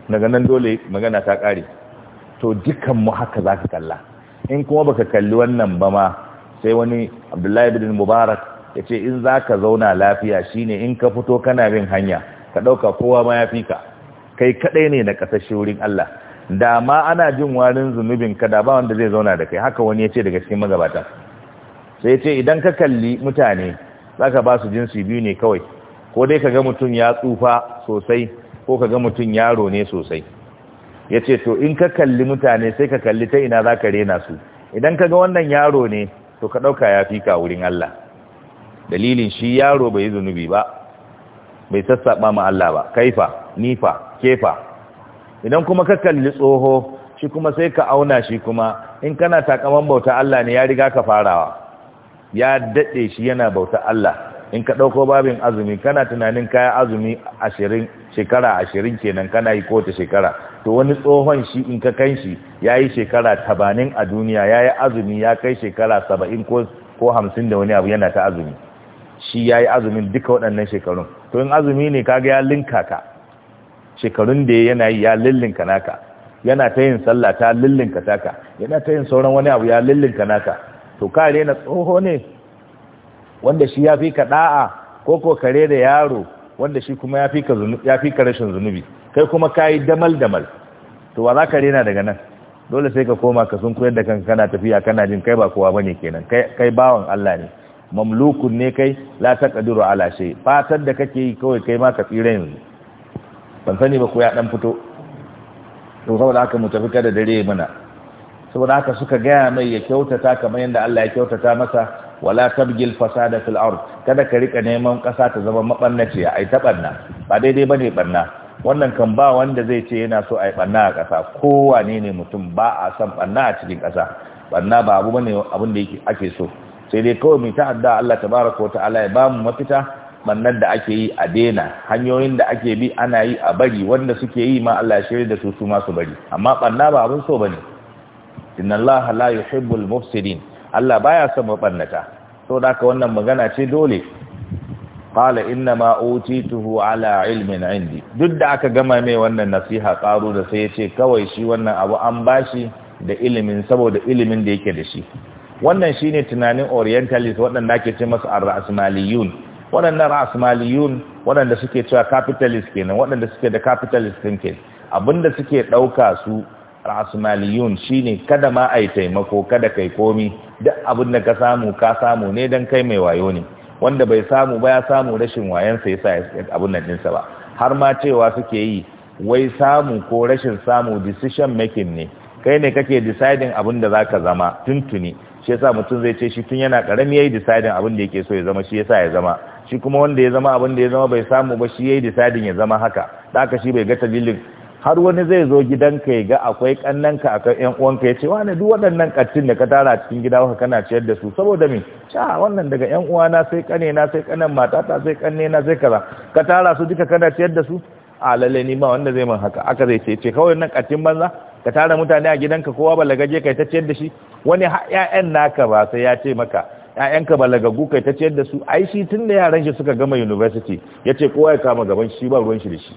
daga nan dole magana ta kare to dukkan mu haka zaka kalla in kuma baka kalli wannan ba ma sai wani Abdullahi bin Mubarak yace in zaka zauna lafiya shine in ka fito kana bin hanya ka dauka kowa ma ya ka. kai kadai ne na kasashe wurin Allah da ma ana jin warin zunubin ka da ba wanda zai zauna da kai haka wani yace daga cikin magabata sai ce idan ka kalli mutane zaka ba su jinsi biyu ne kawai ko dai ka ga mutum ya tsufa sosai ko kaga mutum yaro ne sosai yace to in ka kalli mutane sai ka kalli ta ina zaka rena su idan ka ga wannan yaro ne to ka ɗauka ya fika wurin Allah dalilin shi yaro bai zunubi ba bai sassaɓa ma Allah ba kaifa nifa kefa idan kuma ka kalli tsoho shi kuma sai ka auna shi kuma in kana takaman bauta Allah ne ya riga ka farawa ya daɗe shi yana bauta Allah in ka ɗauko babin azumi kana tunanin kaya azumi ashirin shekara ashirin kenan kana yi kowace shekara to wani tsohon shi in ka kan shi ya yi shekara tabanin a duniya ya yi azumi ya kai shekara saba'in ko hamsin da wani abu yana ta azumi shi ya yi azumin duka waɗannan shekarun to in azumi ne kaga ya linka ka shekarun da yana yi ya lillinka naka yana ta yin sallah ta lillinka taka yana ta yin sauran wani abu ya lillinka naka to ka rena tsoho ne wanda shi ya fi ka da'a ko ko kare da yaro wanda shi kuma ya fi ka rashin zunubi kai kuma ka yi damal damal to wa za ka rena daga nan dole sai ka koma ka sun koyar da kanka kana tafiya kana jin kai ba kowa bane kenan kai bawan Allah ne mamlukun ne kai la taqdiru ala shay fatar da kake yi kawai kai ma ka tsira yanzu ban sani ba ko ya dan fito to saboda haka mu tafi kada dare mana saboda haka suka gaya mai ya kyautata kamar yadda Allah ya kyautata masa wala tabgil fasada fil ard kada ka rika neman kasa ta zama mabannace ai ta banna ba daidai bane banna wannan kan ba wanda zai ce yana so ai banna a kasa wane ne mutum ba a san banna a cikin kasa banna ba abu bane abin da ake so sai dai kawai mu ta'adda Allah tabaraka wa ta'ala ya bamu mafita bannan da ake yi a dena hanyoyin da ake bi ana yi a bari wanda suke yi ma Allah ya shirye da su su ma su bari amma banna ba abin so bane inna allaha la yuhibbul mufsidin Allah baya son mabannata da ka wannan magana ce dole qala inna ma utituhu ala ilmin indi duk da aka gama mai wannan nasiha karu da sai yace kawai shi wannan abu an bashi da ilimin saboda ilimin da yake da shi wannan shine tunanin orientalist waɗanda ake ce masu ar-rasmaliyun waɗannan rasmaliyun waɗanda suke cewa capitalist kenan waɗanda suke da capitalist thinking abinda suke ɗauka su shi shine kada ma ai taimako kada kai komi duk abin da ka samu ka samu ne dan kai mai wayo ne wanda bai samu ba ya samu rashin wayan wayansa yasa abin nan din sa ba har ma cewa suke yi wai samu ko rashin samu decision making ne kai ne kake deciding abin da zaka zama tuntuni shi yasa mutum zai ce shi tun yana karami yayi deciding abin da yake so ya zama shi yasa ya zama shi kuma wanda ya zama abin da ya zama bai samu ba shi yayi deciding ya zama haka da haka shi bai ga dalilin har wani zai zo gidanka ya ga akwai kannanka akan ƴan uwanka ya ce wani duk waɗannan kattin da ka tara cikin gida haka kana ciyar da su saboda me cha wannan daga ƴan uwana sai kane na sai kanan matata sai kanne na sai kaza ka tara su duka kana ciyar da su a lalle ni ma wanda zai man haka aka zai ce ce kawai nan kattin banza ka tara mutane a gidanka kowa balagaje kai ta ciyar da shi wani ƴaƴan naka ba sai ya ce maka ƴaƴanka balagagu kai ta ciyar da su ai shi tun yaran shi suka gama university ce kowa ya kama gaban shi ba ruwan shi da shi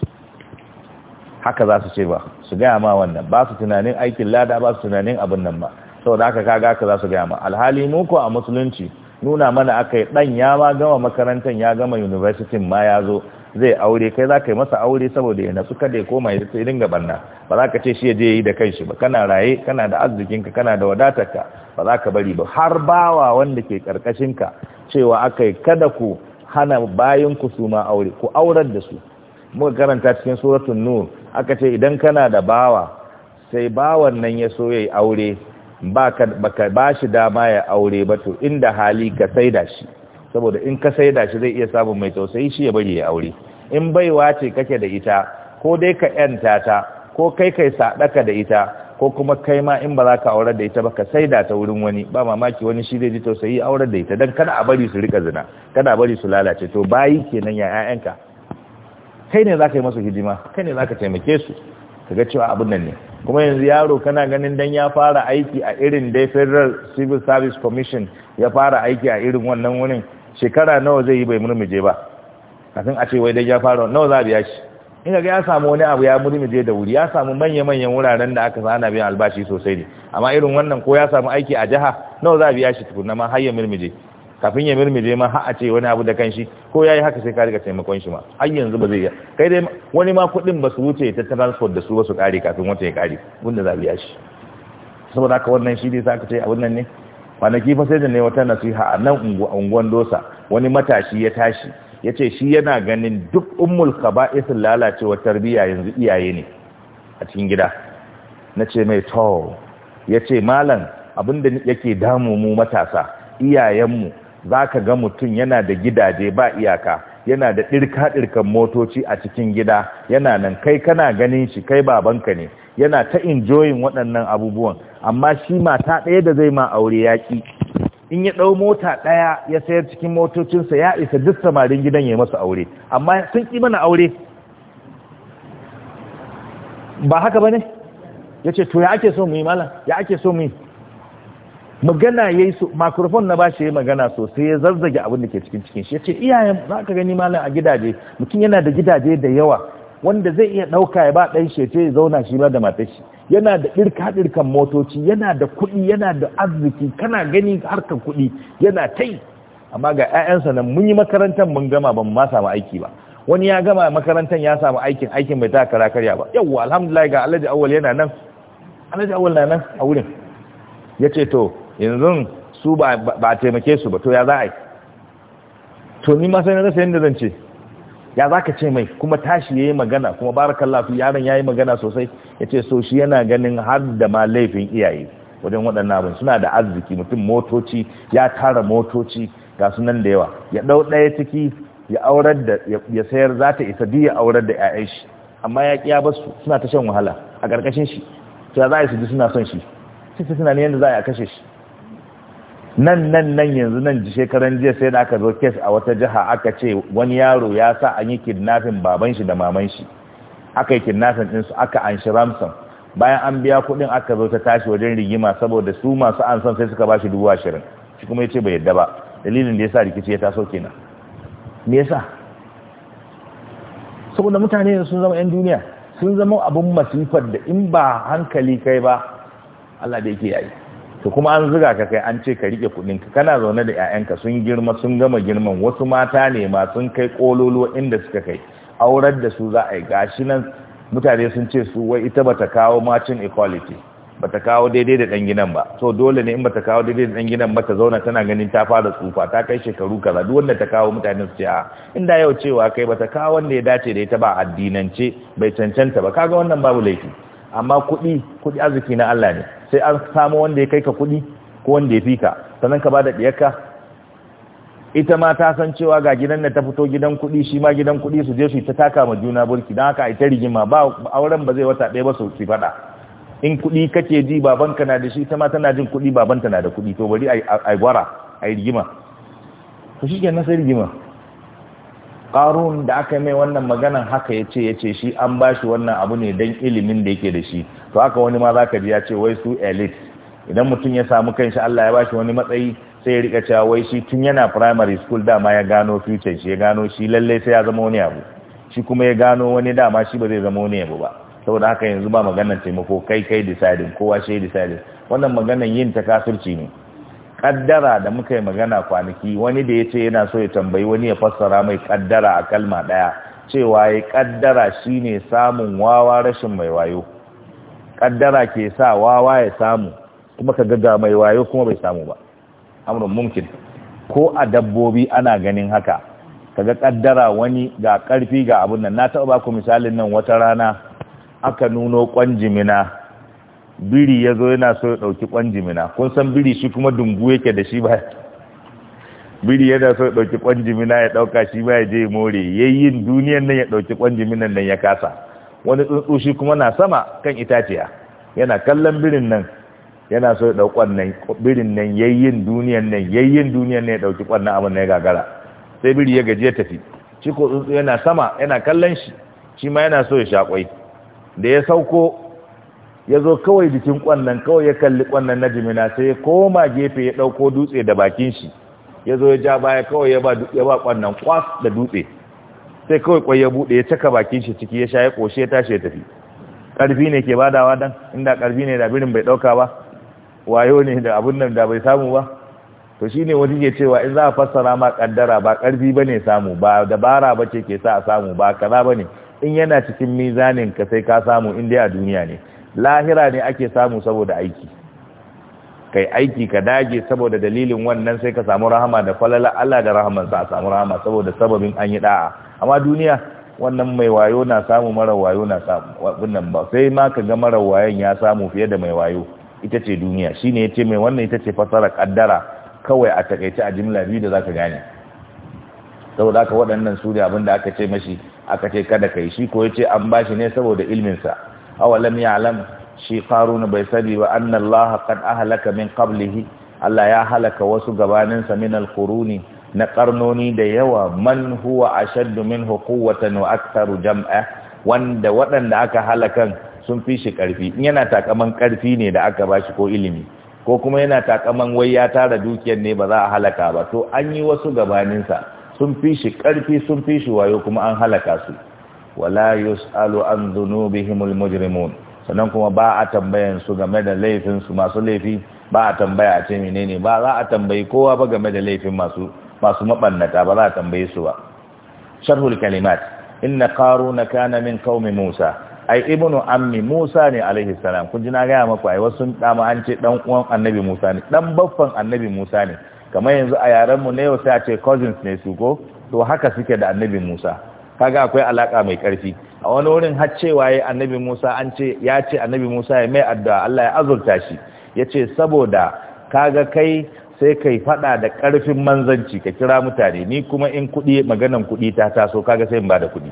haka za su ce ba su gaya ma wannan ba su tunanin aikin lada ba su tunanin abin nan ba da aka kaga ka za su gaya ma alhali muku a musulunci nuna mana aka yi dan ya ma gama makarantar ya gama universitin ma ya zo zai aure kai za ka yi masa aure saboda ya nasu kada ya koma ya sai dinga barna ba za ka ce shi ya je yi da shi ba kana raye kana da arzikinka kana da wadatarka ba za ka bari ba har bawa wanda ke karkashin ka cewa aka yi kada ku hana bayan ku su ma aure ku aurar da su muka karanta cikin suratun nur aka ce idan kana da bawa sai bawan nan ya so ya yi aure baka baka bashi dama ya aure ba to inda hali ka saida shi saboda in ka saida shi zai iya samun mai tausayi shi ya bari ya aure in baiwa ce kake da ita ko dai ka yanta ta ko kai kai sadaka da ita ko kuma kai ma in ba za ka aurar da ita ba ka saida ta wurin wani ba mamaki wani shi zai ji tausayi aurar da ita dan kada a bari su rika zina kada a bari su lalace to bayi kenan ya 'ya'yanka kai ne za ka yi masu hidima kai ne za ka taimake su ka ga cewa abin nan ne kuma yanzu yaro kana ganin dan ya fara aiki a irin dai federal civil service commission ya fara aiki a irin wannan wurin shekara nawa zai yi bai murmuje ba kafin a ce wai dan ya fara nawa za a biya shi in ga ya samu wani abu ya murmuje da wuri ya samu manya-manyan wuraren da aka sana biyan albashi sosai ne amma irin wannan ko ya samu aiki a jiha nawa za a biya shi tukunna ma har ya murmuje kafin ya mirmide ma har a ce wani abu da kanshi ko yayi haka sai ka riga taimakon shi ma har yanzu ba zai kai dai wani ma kudin ba su wuce ta transport da su ba su kare kafin wata ya kare wanda za biya shi saboda haka wannan shi ne za ka ce a wannan ne kwanaki fa sai da ne wata nasiha a nan unguwan dosa wani matashi ya tashi ya ce shi yana ganin duk ummul kaba'isin lalacewar tarbiyya yanzu iyaye ne a cikin gida na ce mai to ya ce malam abinda yake damu mu matasa iyayenmu za ka ga mutum yana da gidaje ba iyaka yana da ɗirka-ɗirkan motoci a cikin gida yana nan kai kana ganin shi kai babanka ne yana ta injoyin waɗannan abubuwan amma shi mata ɗaya da zai ma aure yaƙi in ya ɗau mota ɗaya ya sayar cikin motocinsa ya isa duk samarin gidan ya masa aure amma sun ƙi mana aure ba haka ba ne ya ce to ya ake so mu yi malam ya ake so mu yi magana ya yi makrofon na shi ya magana sosai ya zarzage abin da ke cikin cikin shi ya ce iyayen za ka gani malam a gidaje mutum yana da gidaje da yawa wanda zai iya ɗauka ya ba ɗan shi ya zauna shi ba da matar shi yana da ɗirka ɗirkan motoci yana da kuɗi yana da arziki kana gani harkar kuɗi yana ta yi amma ga 'ya'yansa nan mun yi makarantar mun gama ba ma samu aiki ba wani ya gama makarantar ya samu aikin aikin bai ta kara karya ba yawwa alhamdulillah ga alhaji awwal yana nan alhaji awwal na nan a wurin ya ce to yanzu su ba a taimake su ba to ya za a yi to ni ma sai zan ce ya za ka ce mai kuma tashi ya yi magana kuma barakallah fi yaron ya yi magana sosai ya ce so shi yana ganin har da ma laifin iyaye wajen waɗannan abin suna da arziki mutum motoci ya tara motoci ga sunan da yawa ya ɗau ɗaya ciki ya aurar da ya sayar za ta isa biya aurar da 'ya'yan shi amma ya ƙiya ba suna ta shan wahala a ƙarƙashin shi ta za a yi su ji suna son shi sai suna ne yadda za a kashe shi nan nan nan yanzu nan ji shekaran jiya sai da aka zo kes a wata jiha aka ce wani yaro ya sa an yi kidnafin baban shi da maman shi aka yi kidnafin su aka an shi ramsan bayan an biya kuɗin aka zo ta tashi wajen rigima saboda su masu an san sai suka ba shi dubu ashirin shi kuma ya ce bai yadda ba dalilin da ya sa rikici ya taso kenan me yasa saboda mutane sun zama 'yan duniya sun zama abin masifar da in ba hankali kai ba Allah da yake yayi to kuma an zuga ka kai an ce ka rike kudin ka kana zaune da ƴaƴanka sun girma sun gama girman wasu mata ne ma sun kai kololo inda suka kai aurar da su za a yi gashi nan mutane sun ce su wai ita bata kawo macin equality bata kawo daidai da dan gidan ba so dole ne in bata kawo daidai da dan gidan ba ta zauna tana ganin ta fara tsufa ta kai shekaru kaza duk wanda ta kawo mutane su ce a inda yau cewa kai bata kawo wanda ya dace da ita ba addinance bai cancanta ba kaga wannan babu laifi amma kuɗi kuɗi arziki na Allah ne sai an samu wanda ya kai ka kuɗi ko wanda ya fi ka sannan ka ba da ɗiyarka ita ma ta san cewa ga gidan da ta fito gidan kuɗi shi ma gidan kuɗi su je su ta taka ma juna burki don haka a ita rigima ba auren ba zai wata ɗaya ba su faɗa in kuɗi kake ji babanka na da shi ita ma tana jin kuɗi babanta na da kuɗi to bari a gwara a yi rigima to shi kenan sai rigima karun da aka mai wannan maganan haka ya ce ya ce shi an ba shi wannan abu ne don ilimin da yake da shi to haka wani ma za ka ji ya ce wai su elite idan mutum ya samu kan shi Allah ya ba shi wani matsayi sai ya rika cewa wai shi tun yana primary school dama ya gano future shi ya gano shi lallai sai ya zama wani abu shi kuma ya gano wani dama shi ba zai zama wani abu ba saboda haka yanzu ba maganan taimako kai kai deciding kowa shi deciding wannan maganan yin ta kafirci ne kaddara da muka yi magana kwanaki wani da ya ce yana so ya tambayi wani ya fassara mai kaddara a kalma ɗaya cewa ya kaddara shine samun wawa rashin mai wayo kaddara ke sa wawa ya samu kuma ka gaga mai wayo kuma bai samu ba amurin mumkin ko a dabbobi ana ganin haka ka ga kaddara wani ga karfi ga abun nan na taɓa ku misalin nan wata rana aka nuno kwanjimina biri ya zo yana so ya ɗauki ƙwan jimina kun san biri shi kuma dungu yake da shi ba biri yana so ya ɗauki ƙwan jimina ya ɗauka shi ba ya je more ya yin duniyan nan ya ɗauki ƙwan jiminan nan ya kasa wani tsuntsu shi kuma na sama kan itaciya yana kallon birin nan yana so ya ɗauki ƙwan nan birin nan yin duniyan nan ya yin duniyan nan ya ɗauki ƙwan na abin nan ya gagara sai biri ya gaji ya tafi shi ko tsuntsu yana sama yana kallon shi shi ma yana so ya sha kwai da ya sauko ya zo kawai jikin kwannan kawai ya kalli kwallon na jimina sai ya koma gefe ya ɗauko dutse da bakin shi ya zo ya ja baya kawai ya ba kwannan kwas da dutse sai kawai kwai ya buɗe ya caka bakin shi ciki ya sha ya ƙoshe ya tashi ya tafi ƙarfi ne ke badawa dan inda ƙarfi ne da birin bai ɗauka ba wayo ne da abun nan da bai samu ba to shine wani ke cewa in za a fassara ma kaddara ba karfi ba ne samu ba dabara ba ce ke sa a samu ba kaza bane in yana cikin mizanin ka sai ka samu in dai a duniya ne lahira ne ake samu saboda aiki kai aiki ka dage saboda dalilin wannan sai ka samu rahama da falala Allah da rahamansa a samu rahama saboda sababin an yi da'a amma duniya wannan mai wayo na samu mara wayo na samu wannan ba sai ma ka ga mara wayon ya samu fiye da mai wayo ita ce duniya shine yace mai wannan ita ce fasara kaddara kawai a takaice a jimla biyu da zaka gane saboda haka waɗannan su ne abin aka ce mashi aka ce kada kai shi ko yace an bashi ne saboda ilmin sa aw lam ya'lam shi qarun bai sani ba anna Allah qad min qablihi Allah ya halaka wasu gabanin sa min al na karnoni da yawa man huwa ashaddu minhu quwwatan wa aktharu jam'a wanda waɗanda aka halakan sun fi shi ƙarfi in yana takaman ƙarfi ne da aka bashi ko ilimi ko kuma yana takaman wai ya tara dukiyar ne ba za a halaka ba to an yi wasu gabaninsa sun fi shi ƙarfi sun fi shi wayo kuma an halaka su wala yus'alu an dhunubihimul mujrimun sannan kuma ba a tambayan su game da laifin su masu laifi ba a tambaya a ce menene ba za a tambayi kowa ba game da laifin masu masu mabannata ba za a tambaye su ba sharhul kalimat inna qaruna kana min qaumi musa ai ibnu ammi musa ne alaihi salam kun ji na ga maku ai wasu mu an ce dan uwan annabi musa ne dan baffan annabi musa ne kamar yanzu a yaren mu ne yau a ce cousins ne su ko to haka suke da annabi musa kaga akwai alaka mai karfi a wani wurin har cewa yayi annabi Musa an ce ya ce annabi Musa ya mai addu'a Allah ya azurta shi Ya ce saboda kaga kai sai kai fada da karfin manzanci ka kira mutane ni kuma in kudi maganan kudi ta taso kaga sai in bada kudi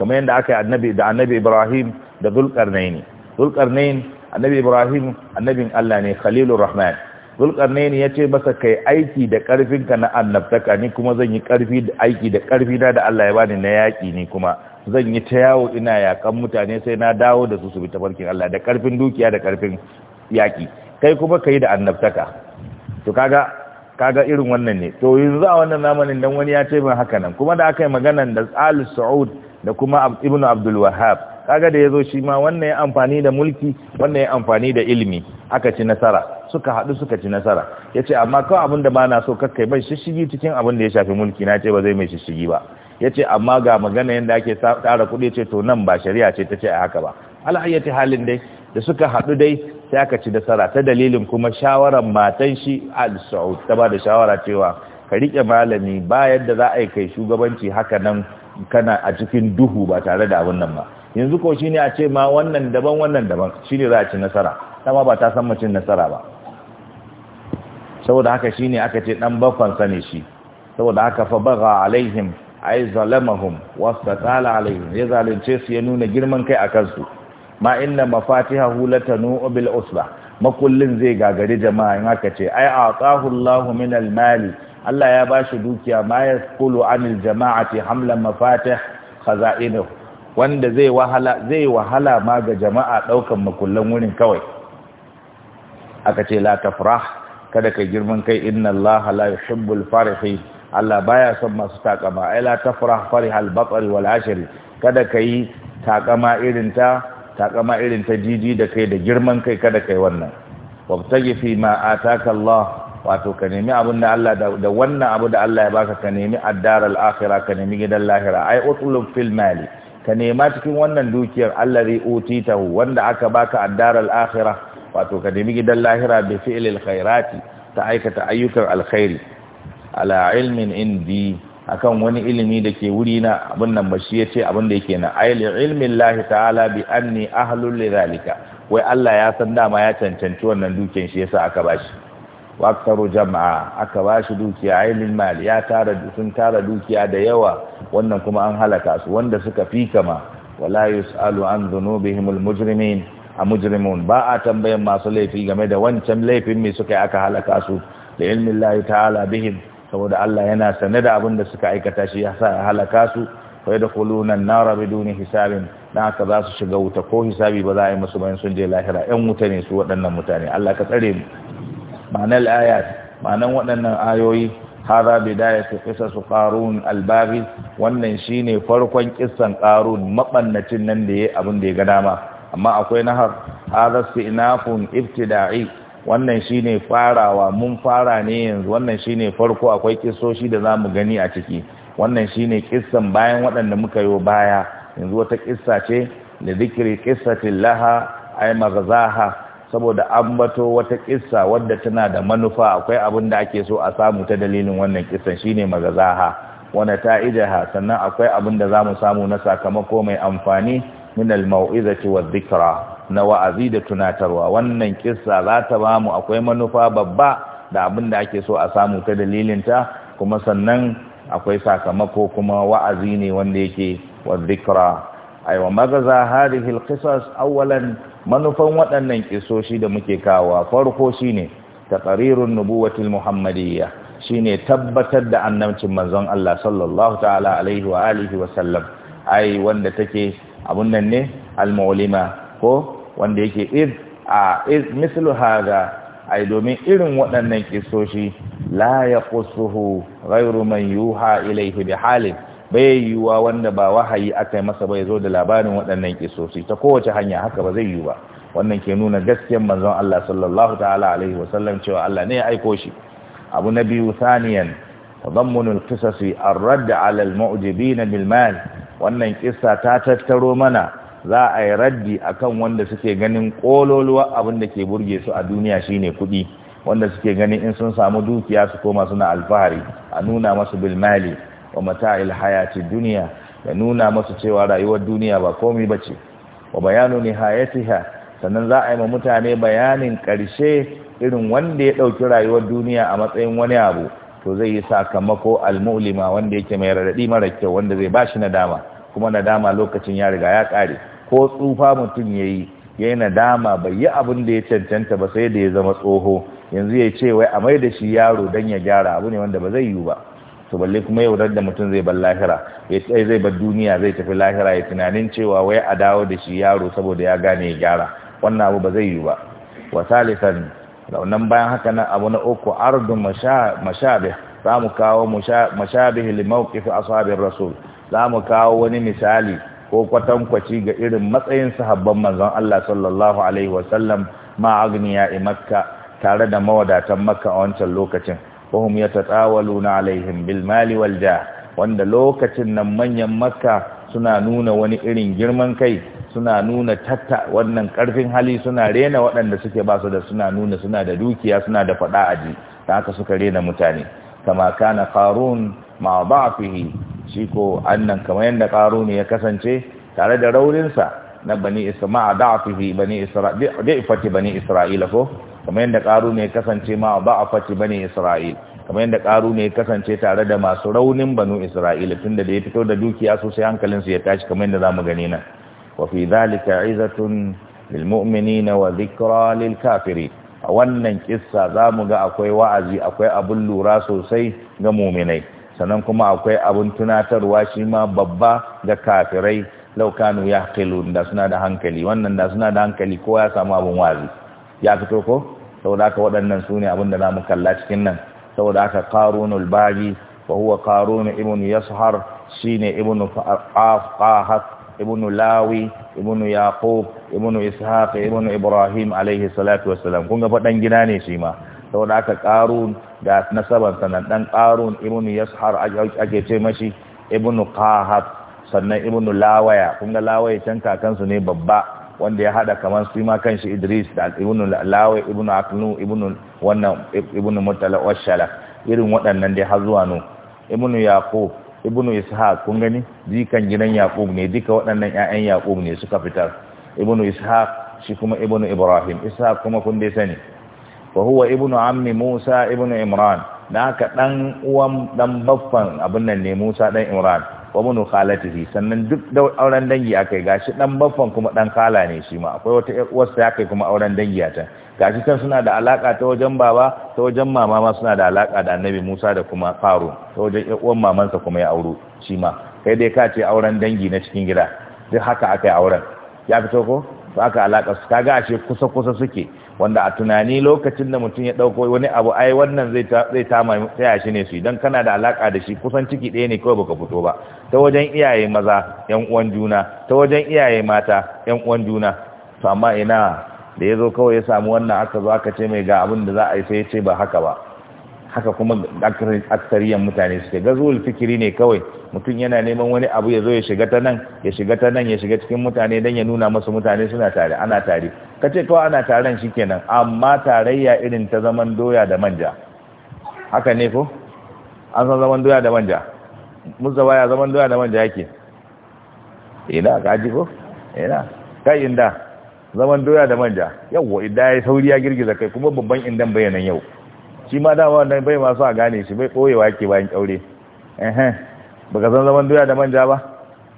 kamar yadda aka yi annabi da annabi Ibrahim da Dhulqarnain Dhulqarnain annabi Ibrahim annabin Allah ne Khalilur Rahman zulkarnaini ya ce masa kai aiki da ƙarfinka na annabtaka ni kuma zan yi ƙarfi da aiki da ƙarfi na da Allah ya bani na yaƙi ni kuma zan yi ta yawo ina yaƙan mutane sai na dawo da su su bi tafarkin Allah da ƙarfin dukiya da ƙarfin yaƙi kai kuma kai da annabtaka to kaga kaga irin wannan ne to yanzu a wannan zamanin dan wani ya ce min haka nan kuma da aka yi maganan da Al Saud da kuma Ibn Abdul Wahhab kaga da yazo shi ma wannan ya amfani da mulki wannan ya amfani da ilimi aka ci nasara suka haɗu suka ci nasara ya ce amma kawai abin da ba na so kakka mai shishigi cikin abin da ya shafi mulki na ce ba zai mai shishigi ba ya ce amma ga magana yadda ake tsara kuɗi ce to nan ba shari'a ce ta ce a haka ba alhayyati halin dai da suka haɗu dai sai aka ci nasara ta dalilin kuma shawaran matan shi al saud ta ba da shawara cewa ka riƙe malami ba yadda za a yi kai shugabanci haka nan kana a cikin duhu ba tare da abin nan ba yanzu ko shine a ce ma wannan daban wannan daban shine za a ci nasara dama ba ta san macin nasara ba saboda haka shine aka ce dan bafan sani shi saboda haka fa baga alaihim ay zalamahum wastatala alaihim ya zalunce su ya nuna girman kai a kansu. ma inna mafatihahu hulata bil usba makullin zai gagari jama'a in aka ce ai atahu Allahu min almali." Allah ya bashi dukiya ma yaqulu anil ce." hamlan mafatih khaza'inu wanda zai wahala zai wahala ma ga jama'a ɗaukan makullan wurin kawai aka ce la tafrah kada ka girman kai inna Allah la yuhibbul farihi Allah baya son masu takama ai la tafrah farihal batri wal ashri kada kai takama irin ta takama irin ta didi da kai da girman kai kada kai wannan wabtaji fi ma ataka Allah wato ka nemi abin da Allah da wannan abu da Allah ya baka ka nemi ad al akhirah ka nemi gidan lahira ai utlub fil mali ka nema cikin wannan dukiyar Allah utitahu wanda aka baka ad al akhirah wato ka nemi gidan lahira bi fi'lil khairati ta aikata ayyukan alkhairi ala ilmin indi akan wani ilimi da ke wuri na abin nan ba shi ya ce abin da yake na ilmin lahi ta'ala bi anni ahlul lidhalika wai Allah ya san dama ya cancanci wannan dukiyar shi yasa aka bashi wa aktaru jama'a aka bashi dukiya ilmin mal ya tara sun tara dukiya da yawa wannan kuma an halaka su wanda suka fi kama wala yusalu an dhunubihimul mujrimin a mujrimun ba a tambayan masu laifi game da wancan laifin mai suka yi aka halaka su da ilmin lahi ta'ala bihim saboda Allah yana sane da abin da suka aikata shi ya sa halaka su fa yadkhuluna na nara biduni hisabin dan aka za su shiga wuta ko hisabi ba za a yi musu bayan sun je lahira yan wuta ne su waɗannan mutane Allah ka tsare mu ma'anar ayat ma'anar waɗannan ayoyi hada bidayatu qisas su al albabi. wannan shine farkon kissan ƙarun mabannacin nan da yayi abin da ya ga dama amma akwai nahar hada sinafun ibtida'i wannan shine farawa mun fara ne yanzu wannan shine farko akwai kissoshi da zamu gani a ciki wannan shine kissan bayan waɗanda muka yi baya yanzu wata kissa ce da zikri qissatin laha ay maghzaha saboda an wata kissa wadda tana da manufa akwai abin da ake so a samu ta dalilin wannan kissan shine magazaha wanda ta sannan akwai abin da zamu samu na sakamako mai amfani min al-mau'izati wadh-dhikra na wa'azi da tunatarwa wannan kissa za ta ba mu akwai manufa babba da abin da ake so a samu ta dalilin ta kuma sannan akwai sakamako kuma wa'azi ne wanda yake wadh-dhikra aiwa magaza hadhihi al-qisas manufan waɗannan kisoshi da muke kawo farko shine taqrirun nubuwatil muhammadiyya shine tabbatar da annabcin manzon Allah sallallahu ta'ala alaihi wa alihi wa sallam ai wanda take abun nan ne al-mu'lima ko wanda yake iz a iz mislu hada ai domin irin waɗannan kisoshi la yaqsuhu ghayru man yuha ilayhi bi halin bai yiwuwa wanda ba wahayi aka masa bai zo da labarin waɗannan kisoshi ta kowace hanya haka ba zai yiwu ba wannan ke nuna gaskiyar manzon Allah sallallahu ta'ala alaihi wasallam cewa Allah ne ya aiko shi abu na biyu saniyan tadammunul qisasi ar-radd 'ala al-mu'jibin bil mal wannan kissa ta tattaro mana za a yi raddi akan wanda suke ganin kololuwa abin da ke burge su a duniya shine kuɗi wanda suke ganin in sun samu dukiya su koma suna alfahari a nuna masu bilmali wa mata'il hayati duniya da nuna masu cewa rayuwar duniya ba komai bace wa bayanu nihayatiha sannan za a yi ma mutane bayanin ƙarshe irin wanda ya ɗauki rayuwar duniya a matsayin wani abu to zai yi sakamako almulima wanda yake mai radadi mara kyau wanda zai ba bashi nadama kuma nadama lokacin ya riga ya kare ko tsufa mutum yayi yayi nadama bai yi abin da ya cancanta ba sai da ya zama tsoho yanzu ya ce wai a mai da shi yaro dan ya gyara abu ne wanda ba zai yiwu ba to balle kuma yau da mutum zai bar lahira ya tsaye zai bar duniya zai tafi lahira ya tunanin cewa wai a dawo da shi yaro saboda ya gane ya gyara wannan abu ba zai yiwu ba wa salisan launan bayan haka na abu na uku ardun mashabih za mu kawo mashabih limaukifi ashabin rasul za mu kawo wani misali ko kwatankwaci ga irin matsayin sahabban manzon Allah sallallahu alaihi wasallam ma agniya makka tare da mawadatan makka a wancan lokacin wahum ta alaihim bil mali wal jah wanda lokacin nan manyan makka suna nuna wani irin girman kai suna nuna tatta wannan karfin hali suna rena waɗanda suke ba su da suna nuna suna da dukiya suna da faɗa a ji ta haka suka rena mutane kama kana qarun ma ba a fihi shi ko annan kamar yanda qarun ya kasance tare da raurinsa na bani isma'a da'fihi bani isra'il da'fati bani isra'ila ko kamar yanda qarun ya kasance ma ba a fati bani isra'il kama yadda ƙaru ne kasance tare da masu raunin banu isra'ila tun da ya fito da dukiya sosai hankalinsu ya tashi kama yadda za mu gani nan وفي ذلك عزة للمؤمنين وذكرى للكافرين wannan kissa zamu ga akwai wa'azi akwai abun lura sosai ga mu'minai sannan kuma akwai abun tunatarwa shi ma babba ga kafirai law ya yaqilun da suna da hankali wannan da suna da hankali ko ya samu abun wa'azi ya fito ko saboda haka waɗannan sune abin da zamu kalla cikin nan saboda haka qarunul baghi wa huwa qarun ibn yashar shine ibn qahat ibnu lawi ibnu yaqub ibnu ishaq ibnu ibrahim alaihi salatu wassalam kun ga fadan gida ne shi ma saboda aka qarun da nasaban sanan dan qarun ibnu yashar ake ce mashi ibnu qahat sannan ibnu lawaya kun ga lawaya can kakansu ne babba wanda ya hada kamar su ma kanshi Idris da Ibnu Lawai ibnu Aknu ibnu wannan ibnu Mutala Washala irin waɗannan dai har zuwa no ibnu Yaqub ibnu ishaq kun gani jikan gidan yaqub ne duka waɗannan ƴaƴan yaqub ne suka fitar ibnu ishaq shi kuma ibnu ibrahim ishaq kuma kun dai sani wa huwa ibnu ammi musa ibnu imran da aka dan uwan dan baffan abin nan ne musa dan imran wa ibnu khalatihi sannan duk da auren dangi akai gashi dan baffan kuma dan kala ne shi ma akwai wata ƴar uwarsa akai kuma auren dangi ta gashi can suna da alaka ta wajen baba ta wajen mama ma suna da alaka da annabi Musa da kuma Faru ta wajen uwan mamansa kuma ya auro shi ma kai dai ka ce auren dangi na cikin gida duk haka aka yi auren ya fito ko ba aka alaka su kaga ashe kusa kusa suke wanda a tunani lokacin da mutum ya dauko wani abu ai wannan zai zai tama taya shi ne su idan kana da alaka da shi kusan ciki ɗaya ne kawai baka fito ba ta wajen iyaye maza yan uwan juna ta wajen iyaye mata yan uwan juna to amma ina da ya zo kawai ya samu wannan aka zo aka ce mai ga abin da za a yi sai ya ce ba haka ba haka kuma aksariyan mutane suke gazul fikiri ne kawai mutum yana neman wani abu ya zo ya shiga ta nan ya shiga ta nan ya shiga cikin mutane don ya nuna masu mutane suna tare ana tare ka ce kawai ana taren shi kenan amma tarayya irin ta zaman doya da manja haka ne ko an san zaman doya da manja musawa ya zaman doya da manja yake ina ka ji ko ina kai inda zaman doya da manja yawwa idan ya sauri ya girgiza kai kuma babban indan bayanan yau shi ma dama wannan bai masu a gane shi bai ɓoyewa yake bayan ƙaure ba ka san zaman doya da manja ba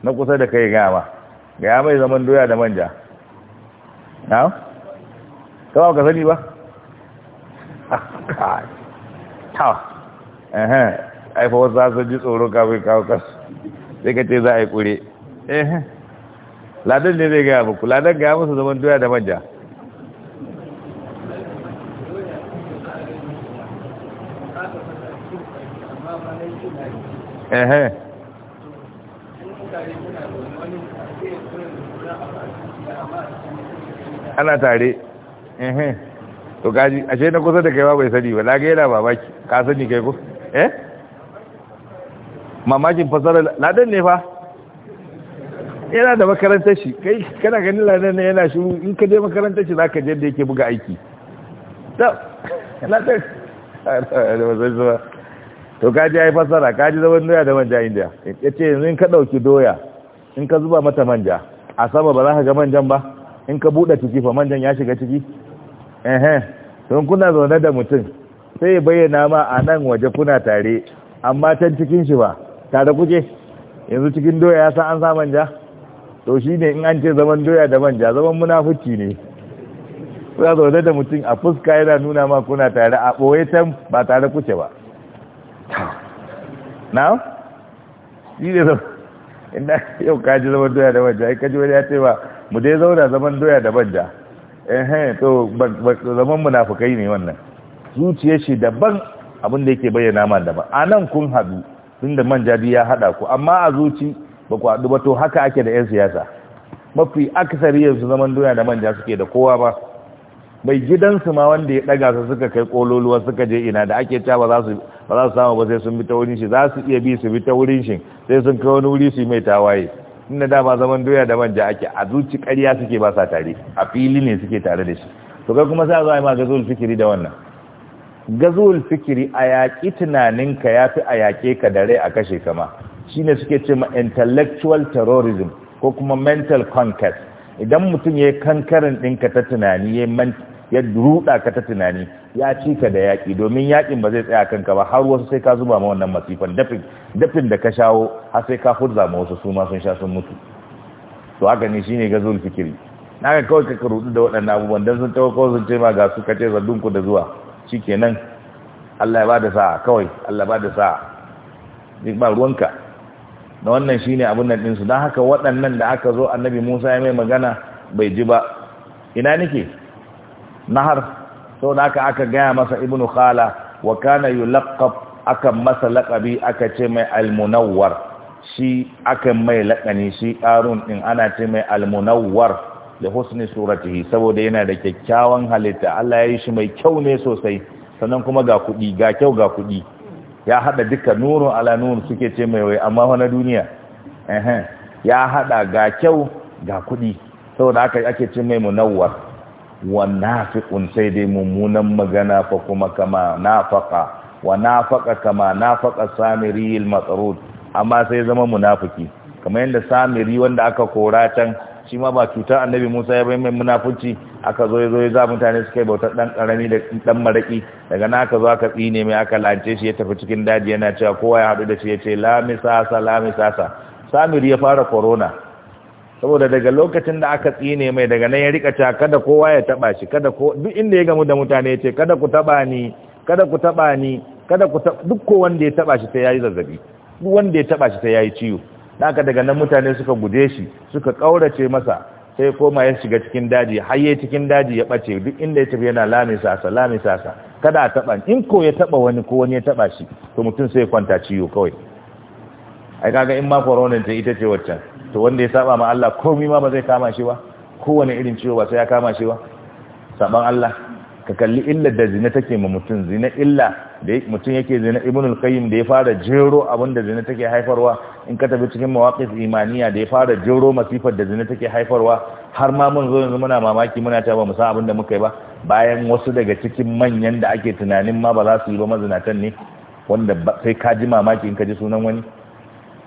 na kusa da kai gaya ma gaya mai zaman doya da manja na? kama ka sani ba? ta aifa wasu hasar ji tsoron kafin kawo kasu sai ka ce za a yi ƙure ladan ne zai gaya muku ladan gaya musu zaman doya da manja ana tare to kaji ashe na kusa da kaiwa bai sani ba lagaye na babaki ka sani kai ko eh mamakin fasarar ladan ne fa yana da makarantar shi kai kana ganin lanar na yana shi in ka je makarantar shi ka je da yake buga aiki to ka to kaji ya yi fasara ji zaman doya da manja indiya ya ce yanzu in ka ɗauki doya in ka zuba mata manja a sama ba za ka ga manjan ba in ka buɗe ciki fa manjan ya shiga ciki ehem don kuna zaune da mutum sai ya bayyana ma a nan waje kuna tare amma can cikin shi ba tare kuke yanzu cikin doya ya san an sa manja to shi ne in an ce zaman doya da manja zaman munafuki ne kuna zaune da mutum a fuska yana nuna ma kuna tare a ɓoye can ba tare kuce ba na? shi ne zama inda yau kaji zaman doya da manja kaji wani ya ce ba mu dai zauna zaman doya da manja eh to zaman munafukai ne wannan zuciya shi daban abin da yake bayyana ma daban a nan kun haɗu tun da manja ya haɗa ku amma a zuci ba ku haɗu ba to haka ake da 'yan siyasa mafi akasari yanzu zaman duniya da manja suke da kowa ba mai gidansu ma wanda ya ɗaga su suka kai ƙololuwa suka je ina da ake ca ba za su samu ba sai sun bi ta wurin shi za su iya bi su bi ta wurin shi sai sun kai wani wuri su yi mai tawaye inda dama zaman doya da manja ake a zuci ƙarya suke ba sa tare a fili ne suke tare da shi to kai kuma sai a zo a yi ma gazul fikiri da wannan Gazuwar fikiri a yaƙi tunaninka ya fi a yaƙe ka da rai a kashe kama shine suke ce ma intellectual terrorism ko kuma mental conquest idan mutum ya yi kankarin ɗinka ta tunani ya ruɗa ka ta tunani ya ci ka da yaƙi domin yaƙin ba zai tsaya ka ba har wasu sai ka zuba ma wannan masifan dafin da ka shawo har sai ka furza ma wasu su ma sun sha sun mutu to haka ne shine ga zuwa fikiri na ga kawai ka rudu da waɗannan abubuwan don sun tawo kawai sun ce ma ga su ka ce ku da zuwa shi kenan Allah ya ba da sa'a kawai Allah ba da sa'a ba ruwanka da wannan shine abin nan su, don haka waɗannan da aka zo annabi musa ya mai magana bai ji ba ina nake nahar sau da aka aka gaya masa ibnu khala wa kana yulaqab aka masa laƙabi aka ce mai almunawwar shi aka mai laƙani shi ƙarun ɗin ana ce mai almunawwar da husni suratihi saboda yana da kyakkyawan halitta Allah ya yi shi mai kyau ne sosai sannan kuma ga kuɗi ga kyau ga kuɗi ya hada duka nuru ala nuru suke ce mai wai amma na duniya ya hada ga kyau ga kuɗi saboda haka ake ce mai munawwar wa nafiqun sai dai mummunan magana fa kuma kama nafaqa wa nafaqa kama nafaqa samiri al-matrud amma sai zama munafiki kamar yadda samiri wanda aka kora can shi ma ba cuta annabi Musa ya bai mai munafunci aka zo ya zo ya za mutane suka yi bautar dan karami da dan maraki daga na aka zo aka tsine mai aka lance shi ya tafi cikin daji yana cewa kowa ya haɗu da shi ya ce la misasa la misasa samir ya fara corona saboda daga lokacin da aka tsine mai daga nan ya rika cewa kada kowa ya taba shi kada ko duk inda ya gamu da mutane ya ce kada ku taba ni kada ku taba ni kada ku duk ko wanda ya taba shi sai yayi zazzabi duk wanda ya taba shi sai yayi ciwo haka daga nan mutane suka guje shi suka kaurace masa sai koma ya shiga cikin daji har ya cikin daji ya bace duk inda ya tafi yana lame sasa lami sasa kada a taba in ko ya taba wani ko wani ya taba shi to mutum sai ya kwanta ciwo kawai ai kaga in ma corona ta ita ce waccan to wanda ya saba ma Allah komai ma ba zai kama shi ba kowane irin ciwo ba sai ya kama shi ba saban Allah ka kalli illar da zina take ma mutum zina illa da mutum yake zina ibn al-qayyim da ya fara jero abinda da zina take haifarwa in ka tafi cikin mawaqif imaniya da ya fara jero masifar da zina take haifarwa har ma mun zo yanzu muna mamaki muna ta ba mu san abin da muka yi ba bayan wasu daga cikin manyan da ake tunanin ma ba za su yi ba mazinatan ne wanda sai ka ji mamaki in ka ji sunan wani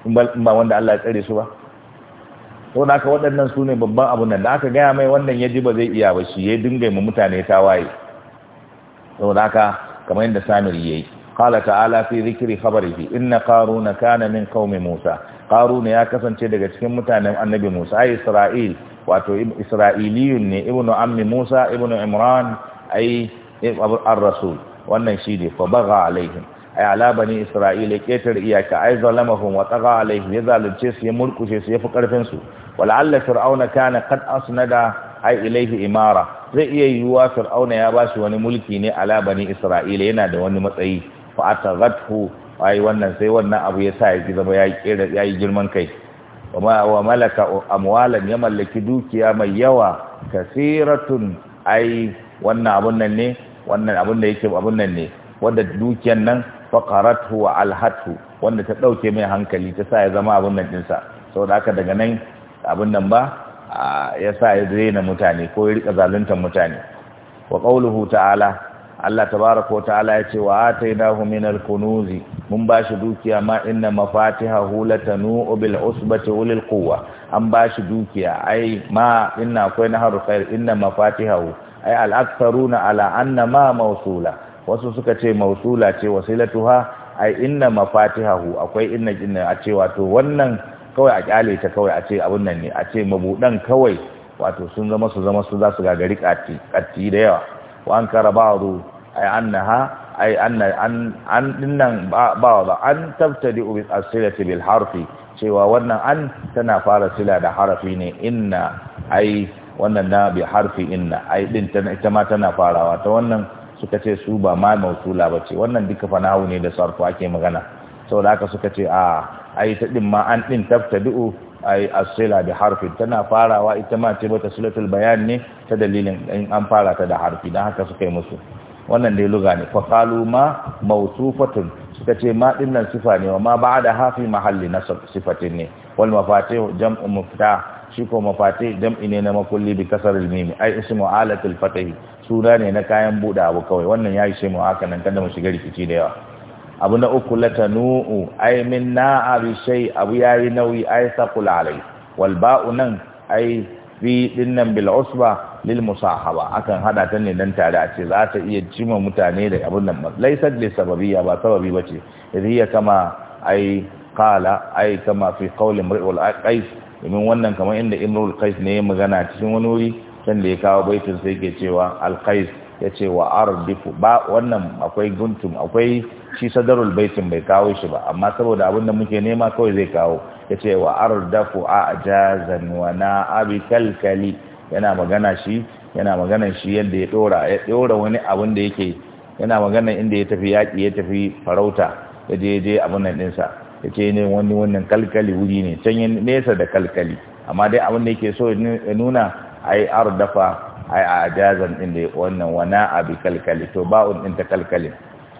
in ba wanda Allah ya tsare su ba to da waɗannan su ne babban abun nan da aka gaya mai wannan ya ji ba zai iya ba shi ya dinga mu mutane tawaye saboda haka kamar yadda samiri yayi qala ta'ala fi dhikri khabarihi inna qaruna kana min qaumi musa qaruna ya kasance daga cikin mutanen annabi musa ay isra'il wato isra'iliyun ne ibnu ammi musa ibnu imran ay ar-rasul wannan ne fa baga alaihim ay ala bani isra'ila ketar iyaka ay zalamahum wa taga alaihim ya zalunce su ya murkushe su ya fi karfin su wala'alla fir'auna kana qad asnada ai ilaihi imara zai iya yiwuwa fir'auna ya bashi wani mulki ne ala bani isra'ila yana da wani matsayi fa ataghathu ai wannan sai wannan abu ya sa ya zama ya kira ya yi girman kai wa malaka amwalan ya mallaki dukiya mai yawa kasiratun ai wannan abun nan ne wannan abun da yake abun nan ne wanda dukiyan nan faqaratu wa alhatu wanda ta dauke mai hankali ta sa ya zama abun nan dinsa saboda haka daga nan abun nan ba ya sa ya daina mutane ko ya rika zaluntar mutane wa qauluhu ta'ala Allah tabaraka wa ta'ala ya ce wa atainahu min al-kunuzi mun bashi dukiya ma inna mafatihahu latanu bil usbati ulil quwwa an bashi dukiya ai ma inna akwai na haru khair inna mafatihahu ai al-aktharuna ala anna ma mawsula wasu suka ce mausula ce wasilatuha ai inna mafatihahu akwai inna jinna a ce wato wannan kawai a kyale ta kawai a ce abun nan ne a ce mabudan kawai wato sun zama su zama su za su gagari katti da yawa wa an kara ba ru ai annaha ai anna an an dinnan ba ba an tabtadi bi asilati bil harfi cewa wannan an tana fara sila da harfi ne inna ai wannan na bi harfi inna ai din ita ma tana farawa ta wannan suka ce su ba ma mausula ba wannan duka fanahu ne da sarfu ake magana saboda haka suka ce a ai ta din ma an din tabtadi'u ai asila bi harfi tana farawa ita ma ce bata sulatul bayan ne ta dalilin in an fara ta da harfi dan haka suka yi musu wannan dai luga ne fa qalu ma mawsufatun suka ce ma din nan sifa ne wa ma ba'da hafi mahalli nasab sifatin ne wal mafatihu jam'u mufta shi ko mafati jam'i ne na makulli bi kasar mimi ai ismu alatil fatahi sura ne na kayan buɗe abu kawai wannan ya yi mu haka nan kada mu shiga rikici da yawa abu na uku latanu'u ai min na'abi shay abu yayi nauyi ay saqul alai wal ba'u nan ai fi dinnan bil usba lil musahaba akan hada ta ne dan tare a ce za ta iya cima mutane da abun nan laysa li sababiyya ba sababi bace idhiya kama ai qala ai kama fi qawli imrul qais domin wannan kamar inda imrul qais ne ya magana cikin wani wuri can da ya kawo baitin sai ke cewa al qais yace wa ardifu ba wannan akwai guntum akwai shi sadarul baitin bai kawo shi ba amma saboda abin da muke nema kawai zai kawo ya ce wa ardafu a jazan wa na abi kalkali yana magana shi yana magana shi yadda ya dora ya dora wani abin da yake yana magana inda ya tafi yaki ya tafi farauta ya je je abin nan dinsa ya ce ne wani wannan kalkali wuri ne can nesa da kalkali amma dai abin da yake so ya nuna ai ardafa ai a jazan ɗin da wannan wana abi kalkali to ba'un ɗin ta kalkalin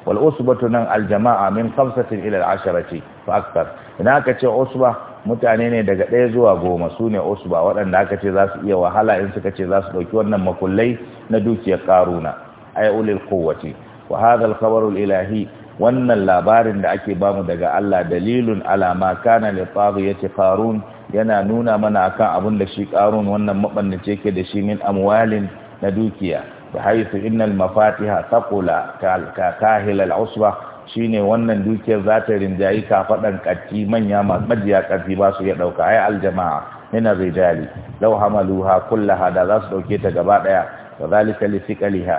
wal usbatu nan aljama'a min khamsatin ilal al ce, fa akthar idan aka ce usba mutane ne daga ɗaya zuwa goma su ne usba waɗanda aka ce za su iya wahala in suka ce za su ɗauki wannan makullai na dukiyar karuna ay ulil wahalar wa hadha ilahi wannan labarin da ake bamu daga Allah dalilun ala ma kana ya ce qarun yana nuna mana akan abin da shi ƙarun wannan mabannance yake da shi min amwalin na dukiya بحيث mafatiha المفاتيح ثقل ككاهل العصبة shine wannan dukiyar za ta rinjayi kafadan katti manya majiya katti ba su ya dauka ai aljama'a min rijali law hamaluha kullaha da za su dauke ta gaba daya wa zalika li thiqaliha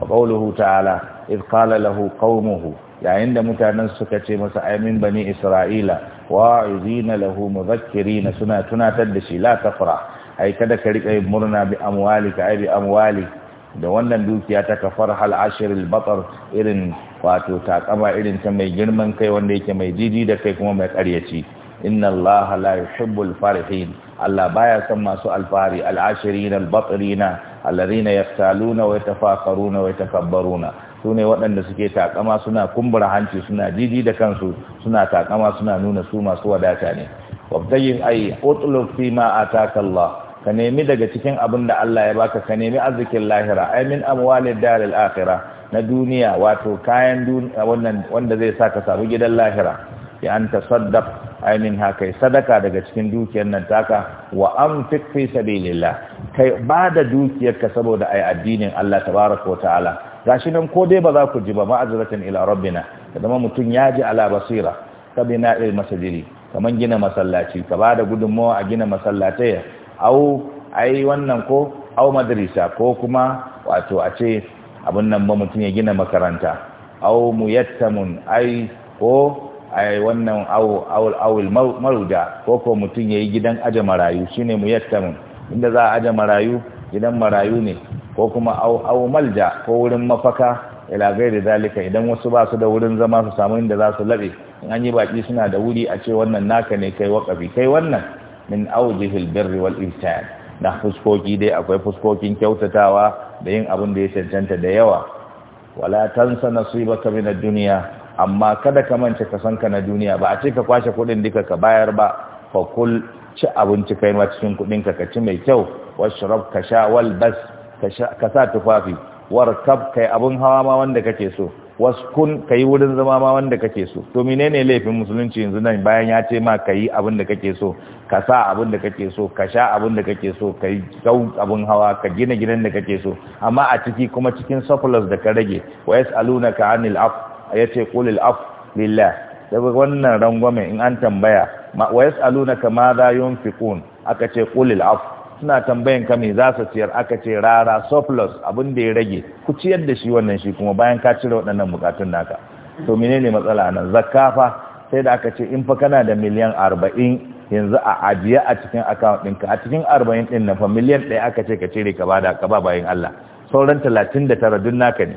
wa qawluhu ta'ala id qala lahu qaumuhu yayin da mutanen suka ce masa amin bani isra'ila wa izina lahu muzakkirina suna tunatar da shi la tafra ai kada ka rika murna bi amwalika ai bi amwalika da wannan dukiya ta kafar hal ashiril batar irin wato takama irin ta mai girman kai wanda yake mai jiji da kai kuma mai karyaci inna Allah la yuhibbul farihin Allah baya son masu alfari al-ashirin al-batrina alladhina yaftaluna wa yatafakkaruna wa yatakabbaruna sune waɗanda suke takama suna kumbura hanci suna jiji da kansu suna takama suna nuna su masu wadata ne wabtayin ay utlub ma ataka Allah ka nemi daga cikin abin da Allah ya baka ka nemi arzikin lahira ai min amwalid daril akhirah na duniya wato kayan wannan wanda zai sa ka samu gidan lahira ya an tasaddaq ai min haka sadaka daga cikin dukiyar nan taka wa anfiq fi sabilillah kai ba da dukiyar ka saboda ai addinin Allah tabaraka wa ta'ala gashi nan ko dai ba za ku ji ba ma'azratan ila rabbina Ka zama mutum ya ji ala basira kabina il masajidi kaman gina masallaci ka ba da gudunmawa a gina masallatai au ai wannan ko au madrasa ko kuma wato a ce abin nan ba mutum ya gina makaranta au muyattamun ai ko ai wannan au awul awul maruda ko ko mutum yi gidan aje marayu shine muyattamun inda za a aje marayu gidan marayu ne ko kuma au au malja ko wurin mafaka ila da zalika idan wasu ba su da wurin zama su samu inda za su labe in an yi baki suna da wuri a ce wannan naka ne kai wakafi kai wannan min aujihil birri wal ihsan na fuskoki dai akwai fuskokin kyautatawa da yin abin da ya cancanta da yawa wala tansa nasibaka min ad-dunya amma kada ka mance ka sanka na duniya ba a ce ka kwashe kuɗin duka ka bayar ba fa kul ci abinci kai ma cikin kuɗin ka ka ci mai kyau washrab ka sha wal bas ka sa tufafi warkab kai abun hawa ma wanda kake so waskun ka yi wurin zama ma wanda kake so to ne laifin musulunci yanzu nan bayan ya ce ma ka yi abin da kake so ka sa abin da kake so ka sha abin da kake so ka yi gau abin hawa ka gina gidan da kake so amma a ciki kuma cikin surplus da ka rage wa Aluna ka anil af ce qul al af lillah daga wannan rangwame in an tambaya wa Aluna ka ma za yunfiqun aka ce qul al af suna tambayan ka me za su ciyar aka ce rara surplus abin da ya rage ku ciyar da shi wannan shi kuma bayan ka cire waɗannan bukatun naka to menene matsala nan zakafa sai da aka ce in fa kana da miliyan arba'in yanzu a ajiye a cikin account ɗinka a cikin arba'in ɗin na fa miliyan ɗaya aka ce ka cire ka bada ka ba bayan Allah sauran talatin da tara duk naka ne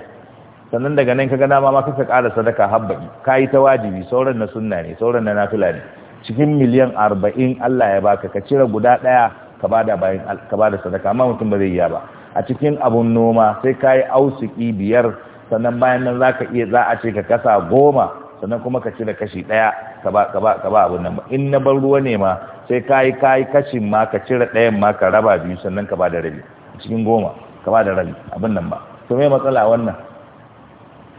sannan daga nan kaga dama ma kasa ƙara sadaka habbaɗi ka yi ta wajibi sauran na sunna ne sauran na nafila ne cikin miliyan arba'in Allah ya baka ka cire guda ɗaya ka bada bayan ka bada sadaka amma mutum ba zai yi ba a cikin abun noma sai ka yi ausiki biyar sannan bayan nan za ka iya za a ce ka kasa goma sannan kuma ka cire kashi ɗaya ka ba ka ba ka ba abun nan ba in na bar ruwa ne ma sai ka yi ka yi kashin ma ka cire ɗayan ma ka raba biyu sannan ka ba da rabi cikin goma ka ba da rabi abun nan ba to me matsala wannan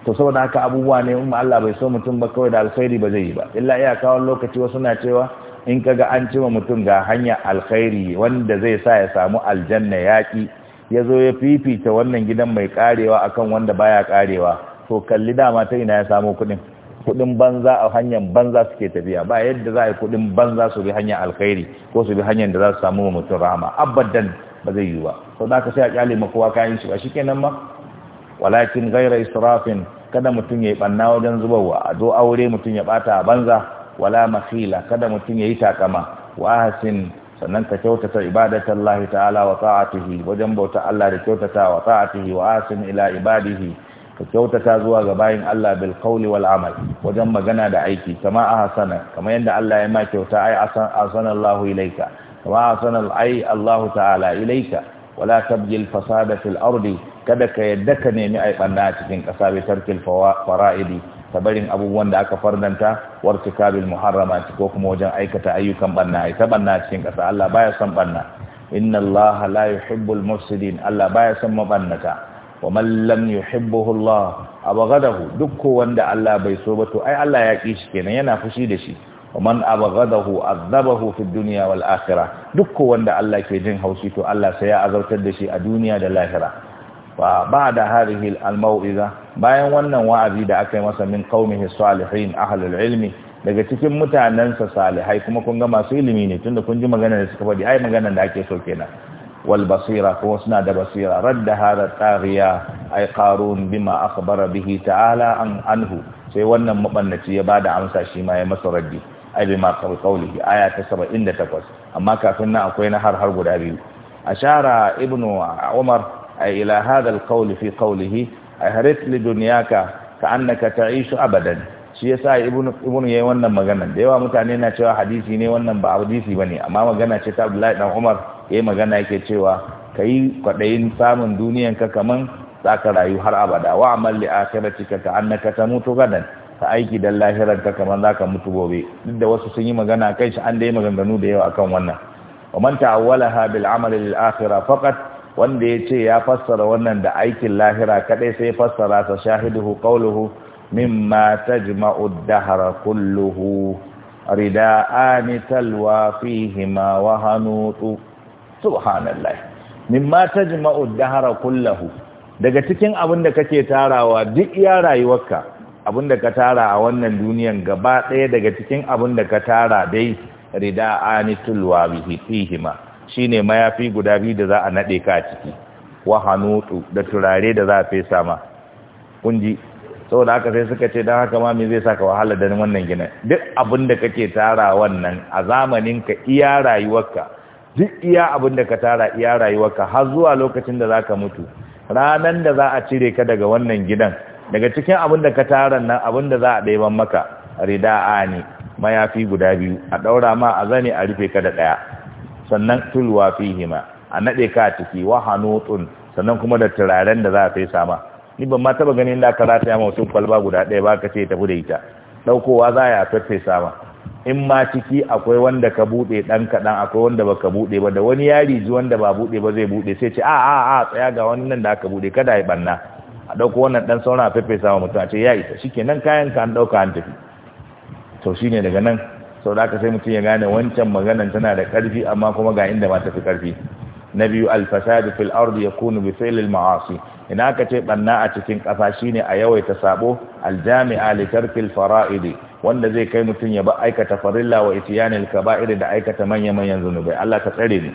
to saboda haka abubuwa ne in Allah bai so mutum ba kawai da alkhairi ba zai yi ba illa iya kawon lokaci wasu na cewa in kaga an cima mutum ga hanya alkhairi wanda zai sa ya samu aljanna yaƙi ya zo ya fifita wannan gidan mai karewa akan wanda baya karewa to kalli dama ta ina ya samu kuɗin kudin banza a hanyar banza suke tafiya ba yadda za a yi kuɗin banza su bi hanyar alkhairi ko su bi hanyar da za su samu mutum rahama abadan ba zai yiwu ba to da ka sai a kyale makowa kayan shi ba shikenan ma walakin gaira israfin kada mutum ya yi banna wajen zubarwa a zo aure mutum ya bata a banza wala makhila kada mutum yayi takama wa hasin sannan ka kyautata ibadatallahi ta'ala wa ta'atihi wajen bauta Allah da kyautata wa ta'atihi wa hasin ila ibadihi ka kyautata zuwa ga bayin Allah bil qawli wal amal wajen magana da aiki kama ahsana kama yadda Allah ya ma kyauta ai ahsana Allahu ilaika kama ahsana ai Allahu ta'ala ilaika wala tabghi fasa fasada fil ardi kada ka yadda ka nemi ai a cikin kasa bi tarkil fara'idi ta barin abubuwan da aka fardanta kabil muharrama ko kuma wajen aikata ayyukan banna ai ta banna cikin kasa Allah baya son banna inna Allah la yuhibbul mufsidin Allah baya son mabannata wa man lam yuhibbuhu Allah abghadahu duk wanda Allah bai so ba to ai Allah ya ki shi kenan yana fushi da shi wa man abghadahu azabahu fid dunya wal akhirah duk wanda Allah ke jin haushi to Allah sai ya azabtar da shi a duniya da lahira ba da harihil bayan wannan wa'azi da aka yi masa min qaumihi salihin ahlul ilmi daga cikin mutanansa salihai kuma kun ga masu ilimi ne tunda kun ji magana da suka faɗi ai magana da ake so kenan wal basira kuma suna da basira radda hada tariya ai qarun bima akhbara bihi ta'ala an anhu sai wannan mabannaci ya bada amsa shi ma ya masa raddi ai bima qawlihi aya ta 78 amma kafin nan akwai na har har guda biyu ashara ibnu umar ay ila hadha alqawl fi qawlihi ahrit li dunyaka ka'annaka abadan shi yasa ibnu yayi wannan magana da yawa mutane na cewa hadisi ne wannan ba hadisi bane amma magana ce ta Abdullahi dan Umar yayi magana yake cewa kai kwadayin samun duniyan ka kaman zaka rayu har abada wa amal li akhiratika ka'annaka tamutu gadan ka aiki dan lahirar ka kaman zaka mutu gobe duk da wasu sun yi magana kai shi an dai maganganu da yawa akan wannan wa man ta'awwalaha bil amali lil akhirah faqat wanda ya ce ya fassara wannan da aikin lahira kadai sai fassara ta shahiduhu qawluhu mimma tajma'u ad-dahra kulluhu rida'ani talwa ma wa hanutu subhanallahi mimma tajma'u ad-dahra kulluhu daga cikin abin da kake tarawa duk ya rayuwarka abin da ka tara a wannan duniyan gaba daya daga cikin abin da ka tara dai rida'ani tulwa bihi fihima ne mayafi guda biyu da za a naɗe ka a ciki wa hanutu da turare da za a fesa ma kunji saboda aka sai suka ce don haka ma zai zai saka wahala da wannan gina duk abin da kake tara wannan a zamanin ka iya rayuwarka duk iya abin da ka tara iya rayuwarka har zuwa lokacin da za ka mutu ranan da za a cire ka daga wannan gidan daga cikin abin da ka tara nan abin da za a ɗaiban maka rida'a ne mayafi guda biyu a ɗaura ma a zane a rufe ka da ɗaya sannan tulwa fihima a nade ka a ciki wa hanutun sannan kuma da turaren da za a fesa sama. ni ban ma taba ganin da karata ya mutum kwalba guda ɗaya ba ka ce tafi da ita ɗaukowa za ya fesa sama. in ma ciki akwai wanda ka buɗe dan kaɗan akwai wanda baka buɗe ba da wani yari ji wanda ba buɗe ba zai buɗe sai ce a a a tsaya ga wani nan da aka buɗe kada ya ɓanna. a ɗauko wannan dan sauran a fefesa wa mutum a ce ya isa nan kayan ka an ɗauka an tafi to shine daga nan sau da aka sai mutum ya gane wancan maganan tana da ƙarfi amma kuma ga inda ma fi ƙarfi na biyu alfasadu fil ardi yakunu bi fi'lil ma'asi ina aka ce banna a cikin ƙasa shine a yawaita sabo aljami'a li tarkil fara'idi wanda zai kai mutum ya ba aikata farilla wa itiyanil kaba'ir da aikata manya manyan zunubai Allah ka tsare ni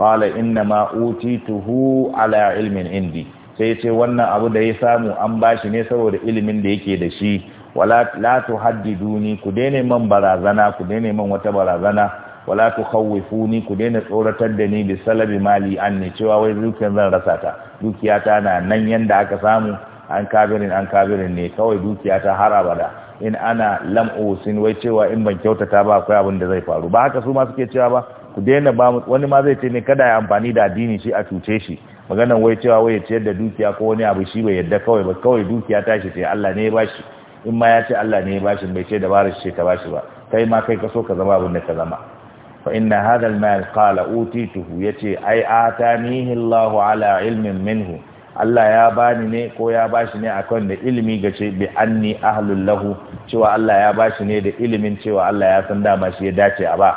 qala inna ma utituhu ala ilmin indi sai ya ce wannan abu da ya samu an bashi ne saboda ilimin da yake da shi wala la tuhaddiduni ku daina man barazana ku daina man wata barazana wala tukhawifuni ku daina tsoratar da ni bi salabi mali anni cewa wai dukiyar zan rasa ta dukiyata na nan yanda aka samu an kabirin an kabirin ne kawai dukiyata har abada in ana lam usin wai cewa in ban kyautata ba akwai abin da zai faru ba haka su ma suke cewa ba ku daina ba wani ma zai ce ne kada ya amfani da addini shi a cuce shi maganan wai cewa wai ya ciyar da dukiya ko wani abu shi bai yadda kawai ba kawai dukiya ta shi sai Allah ne ya bashi in ma ya ce Allah ne ya bashi bai ce dabarar ce ta bashi ba kai ma kai ka so ka zama abin da ka zama fa inna hadha al-mal qala utituhu yace ai atanihi Allahu ala ilmin minhu Allah ya bani ne ko ya bashi ne akan da ilimi ga ce bi anni ahlul lahu cewa Allah ya bashi ne da ilimin cewa Allah ya san dama shi ya dace a ba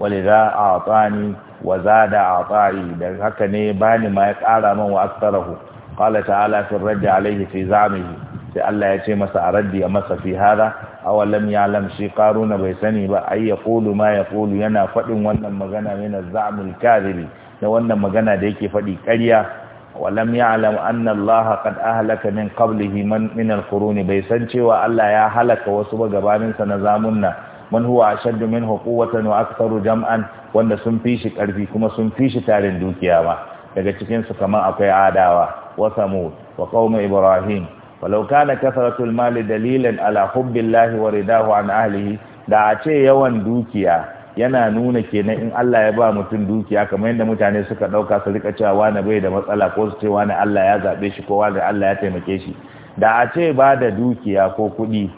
walidha a'tani wa zada a'tai dan haka ne bani ma ya kara man wa aktharahu qala ta'ala fi rajja alayhi fi zamihi sai Allah ya ce masa a raddi ya masa fi hada aw lam ya'lam shi karuna bai sani ba ay yaqulu ma yaqulu yana faɗin wannan magana min na zamul kadhibi wannan magana da yake faɗi ƙarya wa lam ya'lam anna Allah qad ahlaka min qablihi man min al-qurun bai san cewa Allah ya halaka wasu ba gabanin sa na zamunna man huwa ashaddu minhu quwwatan wa aktharu jam'an wanda sun fi shi karfi kuma sun fi shi tarin dukiya ba daga cikin su kamar akwai adawa wa samud wa qaum ibrahim walau kana kasaratul mali dalilan ala hubbillahi wa ridahu an ahlihi da a ce yawan dukiya yana nuna kenan in Allah ya ba mutum dukiya kamar yadda mutane suka ɗauka su rika cewa wani bai da matsala ko su ce wani Allah ya zaɓe shi ko wani Allah ya taimake shi da a ce ba da dukiya ko kuɗi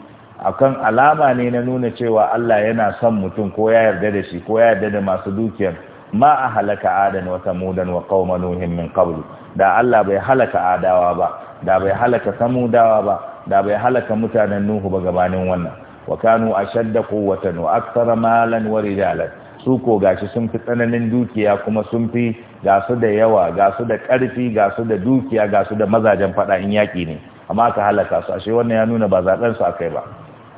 akan alama ne na nuna cewa Allah yana son mutum ko ya yarda da shi ko ya yarda da masu dukiyar ma a halaka adan wata mudan wa qauma nuhin min qablu da Allah bai halaka adawa ba da bai halaka samudawa ba da bai halaka mutanen nuhu ba gabanin wannan wa kanu ashadda quwwatan wa akthara malan wa rijalan su ko gashi sun fi tsananin dukiya kuma sun fi gasu da yawa gasu da karfi gasu da dukiya gasu da mazajen fada in yaki ne amma aka halaka su ashe wannan ya nuna ba zaben su akai ba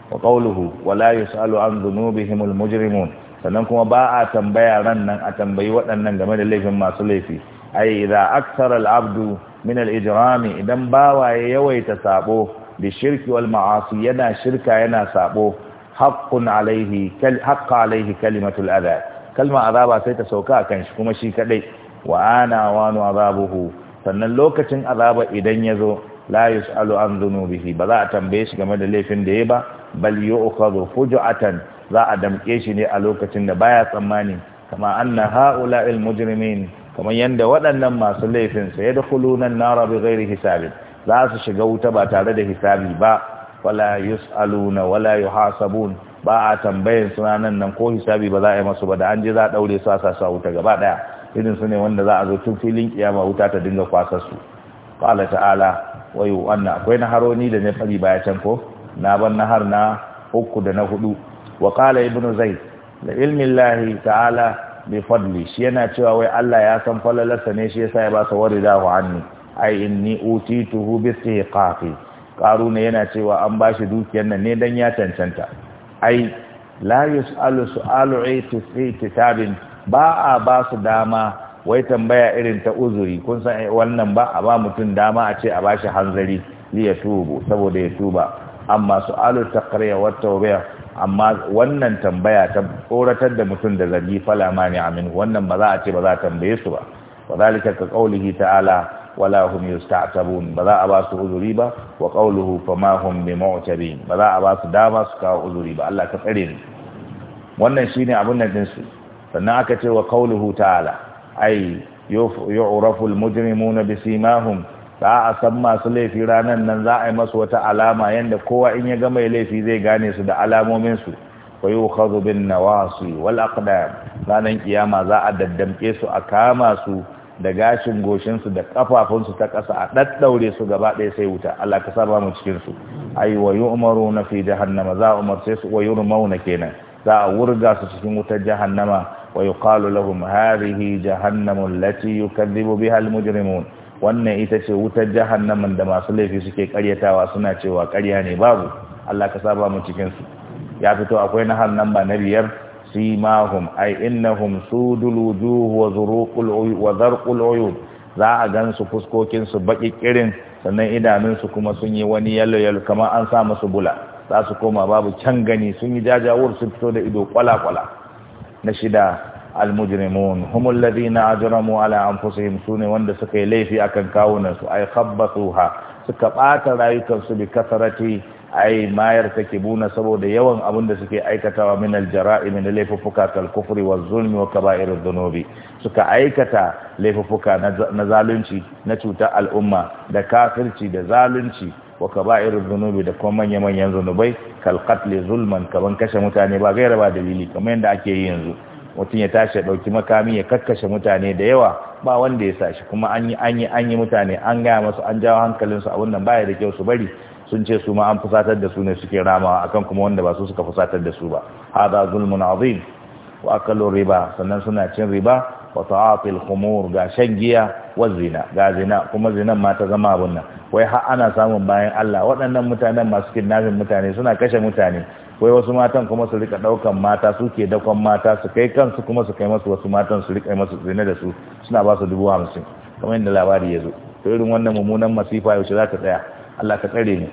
wa qawluhu wa la yusalu an dhunubihim al mujrimun sannan kuma ba a tambaya ran nan a tambayi waɗannan game da laifin masu laifi ai idza aksara al-abdu min al-ijrami idan bawaye yawaita sabo bi shirki wal ma'asi yana shirka yana sabo haqqun alaihi kal haqqa kalma azaba sai ta sauka akan shi kuma shi kadai wa ana wa nu azabuhu sannan lokacin azaba idan yazo la yus'alu an dhunubihi ba za a tambaye shi game da laifin da yi ba bal yu'khadhu fuj'atan za a damke shi ne a lokacin da baya tsammani kama anna ha'ula'il mujrimin kamar yadda waɗannan masu laifin sai da hulunan na bi gairi hisabin za su shiga wuta ba tare da hisabi ba wala yus'aluna wala hasabun ba a tambayin suna nan ko hisabi ba za a yi masu ba da an je za a ɗaure su a sa wuta gaba ɗaya irin su ne wanda za a zo tun filin kiyama wuta ta dinga kwasar su qala ta'ala wayu wannan akwai naharoni da ne fari baya can ko na ban nahar na uku da na hudu wa ƙala ibnu zai la ilmin lahi ta'ala bi fadli shi yana cewa wai Allah ya san falalarsa ne shi yasa ya ba sa wa anni ai inni utituhu bi siqaqi qaruna yana cewa an ba shi dukiyar nan ne dan ya cancanta ai la yusalu su'alu kitabin. ba a ba su dama wai tambaya irin ta uzuri kun san wannan ba a ba mutum dama a ce a ba shi hanzari li ya tubu saboda ya tuba amma su'alu taqriya wa tawbiya amma wannan tambaya ta tsoratar da mutum da zargi fala mani amin wannan ba za a ce ba za a tambaye su ba wa zalika ka qaulihi ta'ala wala hum yusta'tabun ba za a ba su uzuri ba wa qawluhu fama hum bimu'tabin ba za a ba su dama su kawo uzuri ba Allah ka tsare ni wannan shine abun nan din su sannan aka ce wa qawluhu ta'ala ai yu'rafu al-mujrimuna bisimahum za a san masu laifi ranar nan za a yi masu wata alama yadda kowa in ya ga mai laifi zai gane su da alamominsu ko yi ukhadhu bin nawasi wal aqdam ranar kiyama za a daddamke su a kama su da gashin goshinsu da kafafunsu ta kasa a daddaure su gaba ɗaya sai wuta Allah ka saba mu cikin su ai wa na fi jahannama za a umarce su wa yurmauna kenan za a wurga su cikin wutar jahannama wa yuqalu lahum hadhihi jahannamu allati yukadhibu biha al mujrimun wannan ita ce wutar jahannaman da masu laifi suke karyatawa suna cewa karya ne babu Allah ka saba mu cikin su ya fito akwai nahar namba na biyar simahum ay innahum sudul wujuh wa zuruqul wa zarqul uyub za a gan su fuskokin su baki kirin sannan idanun su kuma sun yi wani yalo yalo kamar an sa musu bula za su koma babu can gani sun yi jajawur su fito da ido kwala kwala na shida المجرمون هم الذين أجرموا على أنفسهم سوني وند سكي ليفي أكن كاونا أي خبطوها سكبات رأيكم بكثرة أي ما يرتكبون سبود يوم أبند سكي أي كتاب من الجرائم من ليففكا كالكفر والظلم وكبائر الذنوب suka aikata laifuffuka na zalunci na cutar al'umma da kafirci da zalunci wa kaba'irin zunubi da kuma manya-manyan zunubai kalkatli zulman kaban kashe mutane ba gaira ba dalili kamar yadda ake yi yanzu mutum ya tashi ya ɗauki makami ya kakkashe mutane da yawa ba wanda ya sa kuma an yi an yi an yi mutane an gaya masu an jawo hankalinsu a wannan baya da kyau su bari sun ce su ma an fusatar da su ne suke ramawa akan kuma wanda ba su suka fusatar da su ba hada zulmun azim wa akalu riba sannan suna cin riba wa ta'atil khumur ga shan giya wa zina ga zina kuma zinan ma ta zama abun nan wai har ana samun bayan Allah waɗannan mutanen masu kidnapping mutane suna kashe mutane wai wasu matan kuma su rika daukan mata suke dakon mata su kai kansu kuma su kai masu wasu matan su rika masu zina da su suna ba su dubu hamsin kamar yadda labari ya zo to irin wannan mummunan masifa yaushe za ta tsaya Allah ka tsare ni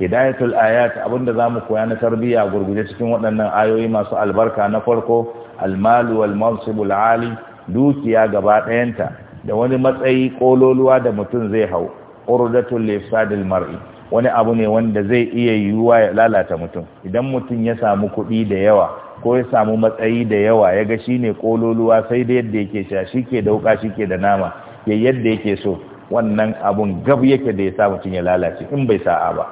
hidayatul ayat abinda zamu koya na tarbiyya gurguje cikin waɗannan ayoyi masu albarka na farko almalu wal al ali dukiya gaba ɗayanta da wani matsayi kololuwa da mutum zai hau urdatul lefsadil mar'i wani abu ne wanda zai iya yiwuwa ya lalata mutum idan mutum ya samu kuɗi da yawa ko ya samu matsayi da yawa ya ga shi ne kololuwa sai da yadda yake sha ke dauka shi ke da nama ya yadda yake so wannan abun gab yake da ya sa mutum ya lalace in bai sa'a ba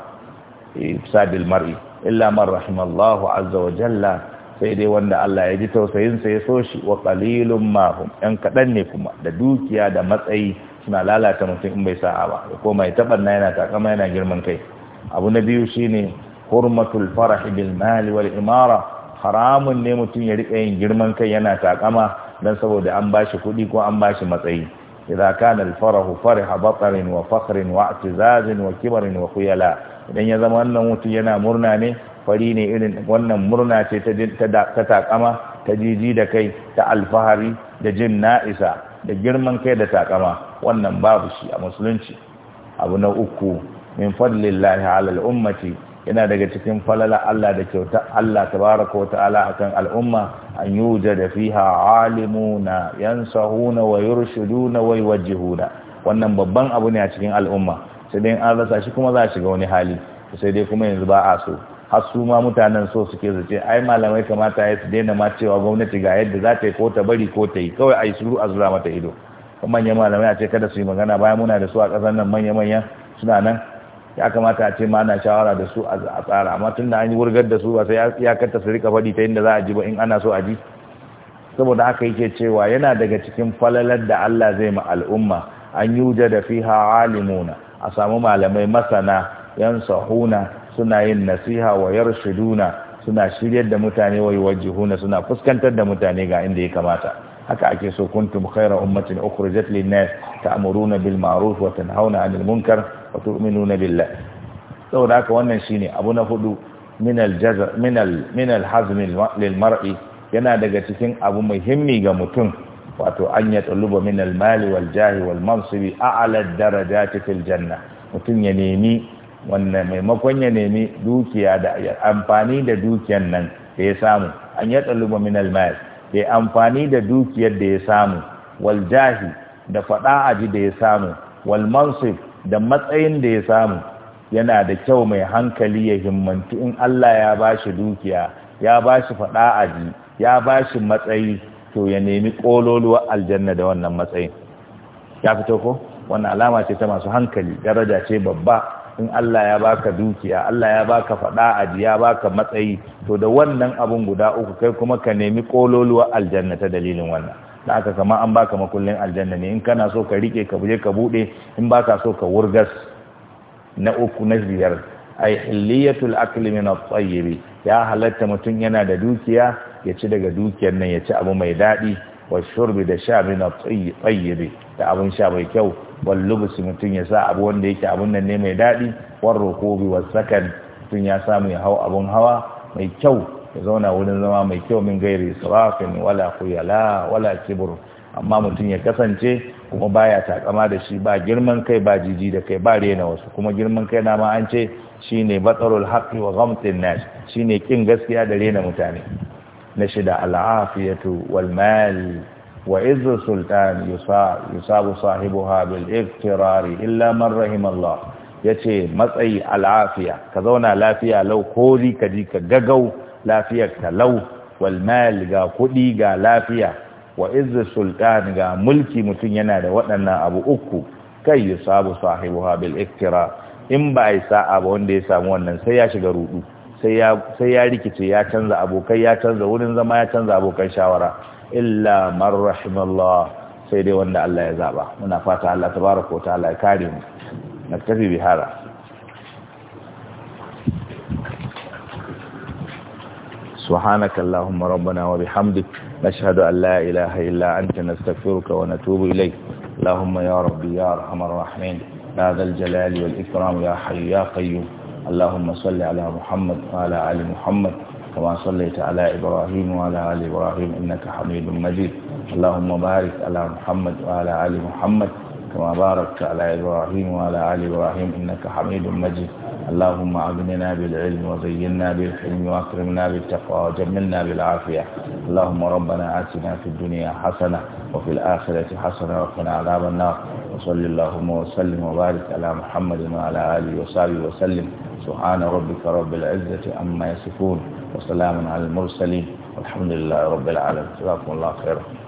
eh, sadil mar'i illa man rahimallahu azza wa jalla sai dai wanda Allah ya ji tausayinsa ya so shi wa qalilun ma yan kaɗan ne kuma da dukiya da matsayi suna lalata mutum in bai sa'a ba ko mai ya na yana takama yana girman kai abu na biyu shine hurmatul farah bil mali wal imara haramun ne mutum ya rika yin girman kai yana takama don saboda an bashi kuɗi ko an bashi matsayi idza kana al farahu fariha batarin wa fakhrin wa i'tizazin wa kibarin wa khuyala idan ya zama wannan mutum yana murna ne fari ne irin wannan murna ce ta takama ta jiji da kai ta alfahari da jin na'isa da girman kai da takama wannan babu shi a musulunci abu na uku min fadlillahi alal ummati yana daga cikin falala Allah da kyauta Allah ta wata'ala akan al'umma an yujada fiha alimuna yansahuna wa yurshiduna wa yuwajjihuna wannan babban abu ne a cikin al'umma sai dai an rasa shi kuma za a shiga wani hali sai dai kuma yanzu ba a so har su mutanen so suke su ai malamai kamata ya su daina ma cewa gwamnati ga yadda za ta yi ko ta bari ko ta yi kawai a yi suru a zura mata ido manyan malamai a ce kada su yi magana bayan muna da su a ƙasar nan manya manya suna nan ya kamata a ce ma ana shawara da su a tsara amma tun da an yi wurgar da su ba sai ya kanta su rika faɗi ta yadda za a ji ba in ana so a ji saboda haka yake cewa yana daga cikin falalar da Allah zai ma al'umma an yi wuja da fiha alimuna a samu malamai masana yan sahuna suna yin nasiha wa yarshuduna suna shiryar da mutane wa yuwajjihuna suna fuskantar da mutane ga inda ya kamata haka ake so kuntum khayra ummatin ukhrijat lin-nas ta'muruna bil ma'ruf wa tanhauna 'anil munkar wa tu'minuna billah saboda haka wannan shine abu na hudu min al-jazr min al-min al-hazm lil mar'i yana daga cikin abu muhimmi ga mutum wato an ya tsaluba min al-mali wal jahi wal mansibi a'la ad-darajati fil janna mutum ya nemi Wannan maimakon ya nemi dukiya da amfani da dukiyan nan da ya samu an yi tsaluba min almayar da amfani da dukiyar da ya samu wal jahi da faɗa aji da ya samu wal mansif da matsayin da ya samu yana da kyau mai hankali ya himmantu in Allah ya bashi dukiya ya bashi faɗa aji ya bashi matsayi to ya nemi ƙololuwar aljanna da wannan matsayin ya fito ko wannan alama ce ta masu hankali daraja ce babba in Allah ya baka dukiya Allah ya baka fada aji ya baka matsayi to da wannan abun guda uku kai kuma ka nemi kololuwa aljanna ta dalilin wannan da aka kama an baka makullin aljanna ne in kana so ka rike ka buje ka bude in baka so ka wurgas na uku na biyar ay hilliyatul akli min at-tayyib ya halatta mutun yana da dukiya ya ci daga dukiyar nan ya ci abu mai dadi wa shurbi da sha min at-tayyib da abun sha mai kyau wal mutum ya sa abu wanda yake abun nan ne mai daɗi warro ko was sakan mutum ya samu ya hau abun hawa mai kyau ya zauna wurin zama mai kyau min gairi sarafin wala kuyala wala kibur amma mutum ya kasance kuma baya takama da shi ba girman kai ba jiji da kai ba rena wasu kuma girman kai na ma an ce shine batsarul haqqi wa ghamtin nas shine kin gaskiya da rena mutane na shida al'afiyatu wal mal wa izzu sultan yusabu sahibuha bil iftirari illa man rahimallah yace matsayi al'afiya ka zauna lafiya lau kori ka ji ka gagau lafiyar ka lau wal mal ga kudi ga lafiya wa izzu sultan ga mulki mutum yana da waɗannan abu uku kai yusabu sahibuha bil in ba ai sa'a ba wanda ya samu wannan sai ya shiga rudu sai ya sai ya rikice ya canza abokai ya canza wurin zama ya canza abokan shawara إلا من رحم الله سيدي وندا الله ya من muna الله تبارك وتعالى wa نكتفي بهذا سبحانك اللهم ربنا وبحمدك نشهد أن لا إله إلا أنت نستغفرك ونتوب إليك اللهم يا ربي يا أرحم الراحمين يا ذا الجلال والإكرام يا حي يا قيوم اللهم صل على محمد وعلى آل محمد كما صليت على إبراهيم وعلى آل إبراهيم إنك حميد مجيد اللهم بارك على محمد وعلى آل محمد كما باركت على إبراهيم وعلى آل إبراهيم إنك حميد مجيد اللهم أغننا بالعلم وزينا بالحلم وأكرمنا بالتقوى وجملنا بالعافية اللهم ربنا آتنا في الدنيا حسنة وفي الآخرة حسنة وقنا عذاب النار وصل اللهم وسلم وبارك على محمد وعلى آله وصحبه وسلم سبحان ربك رب العزة عما يصفون وسلام على المرسلين والحمد لله رب العالمين جزاكم الله خيرا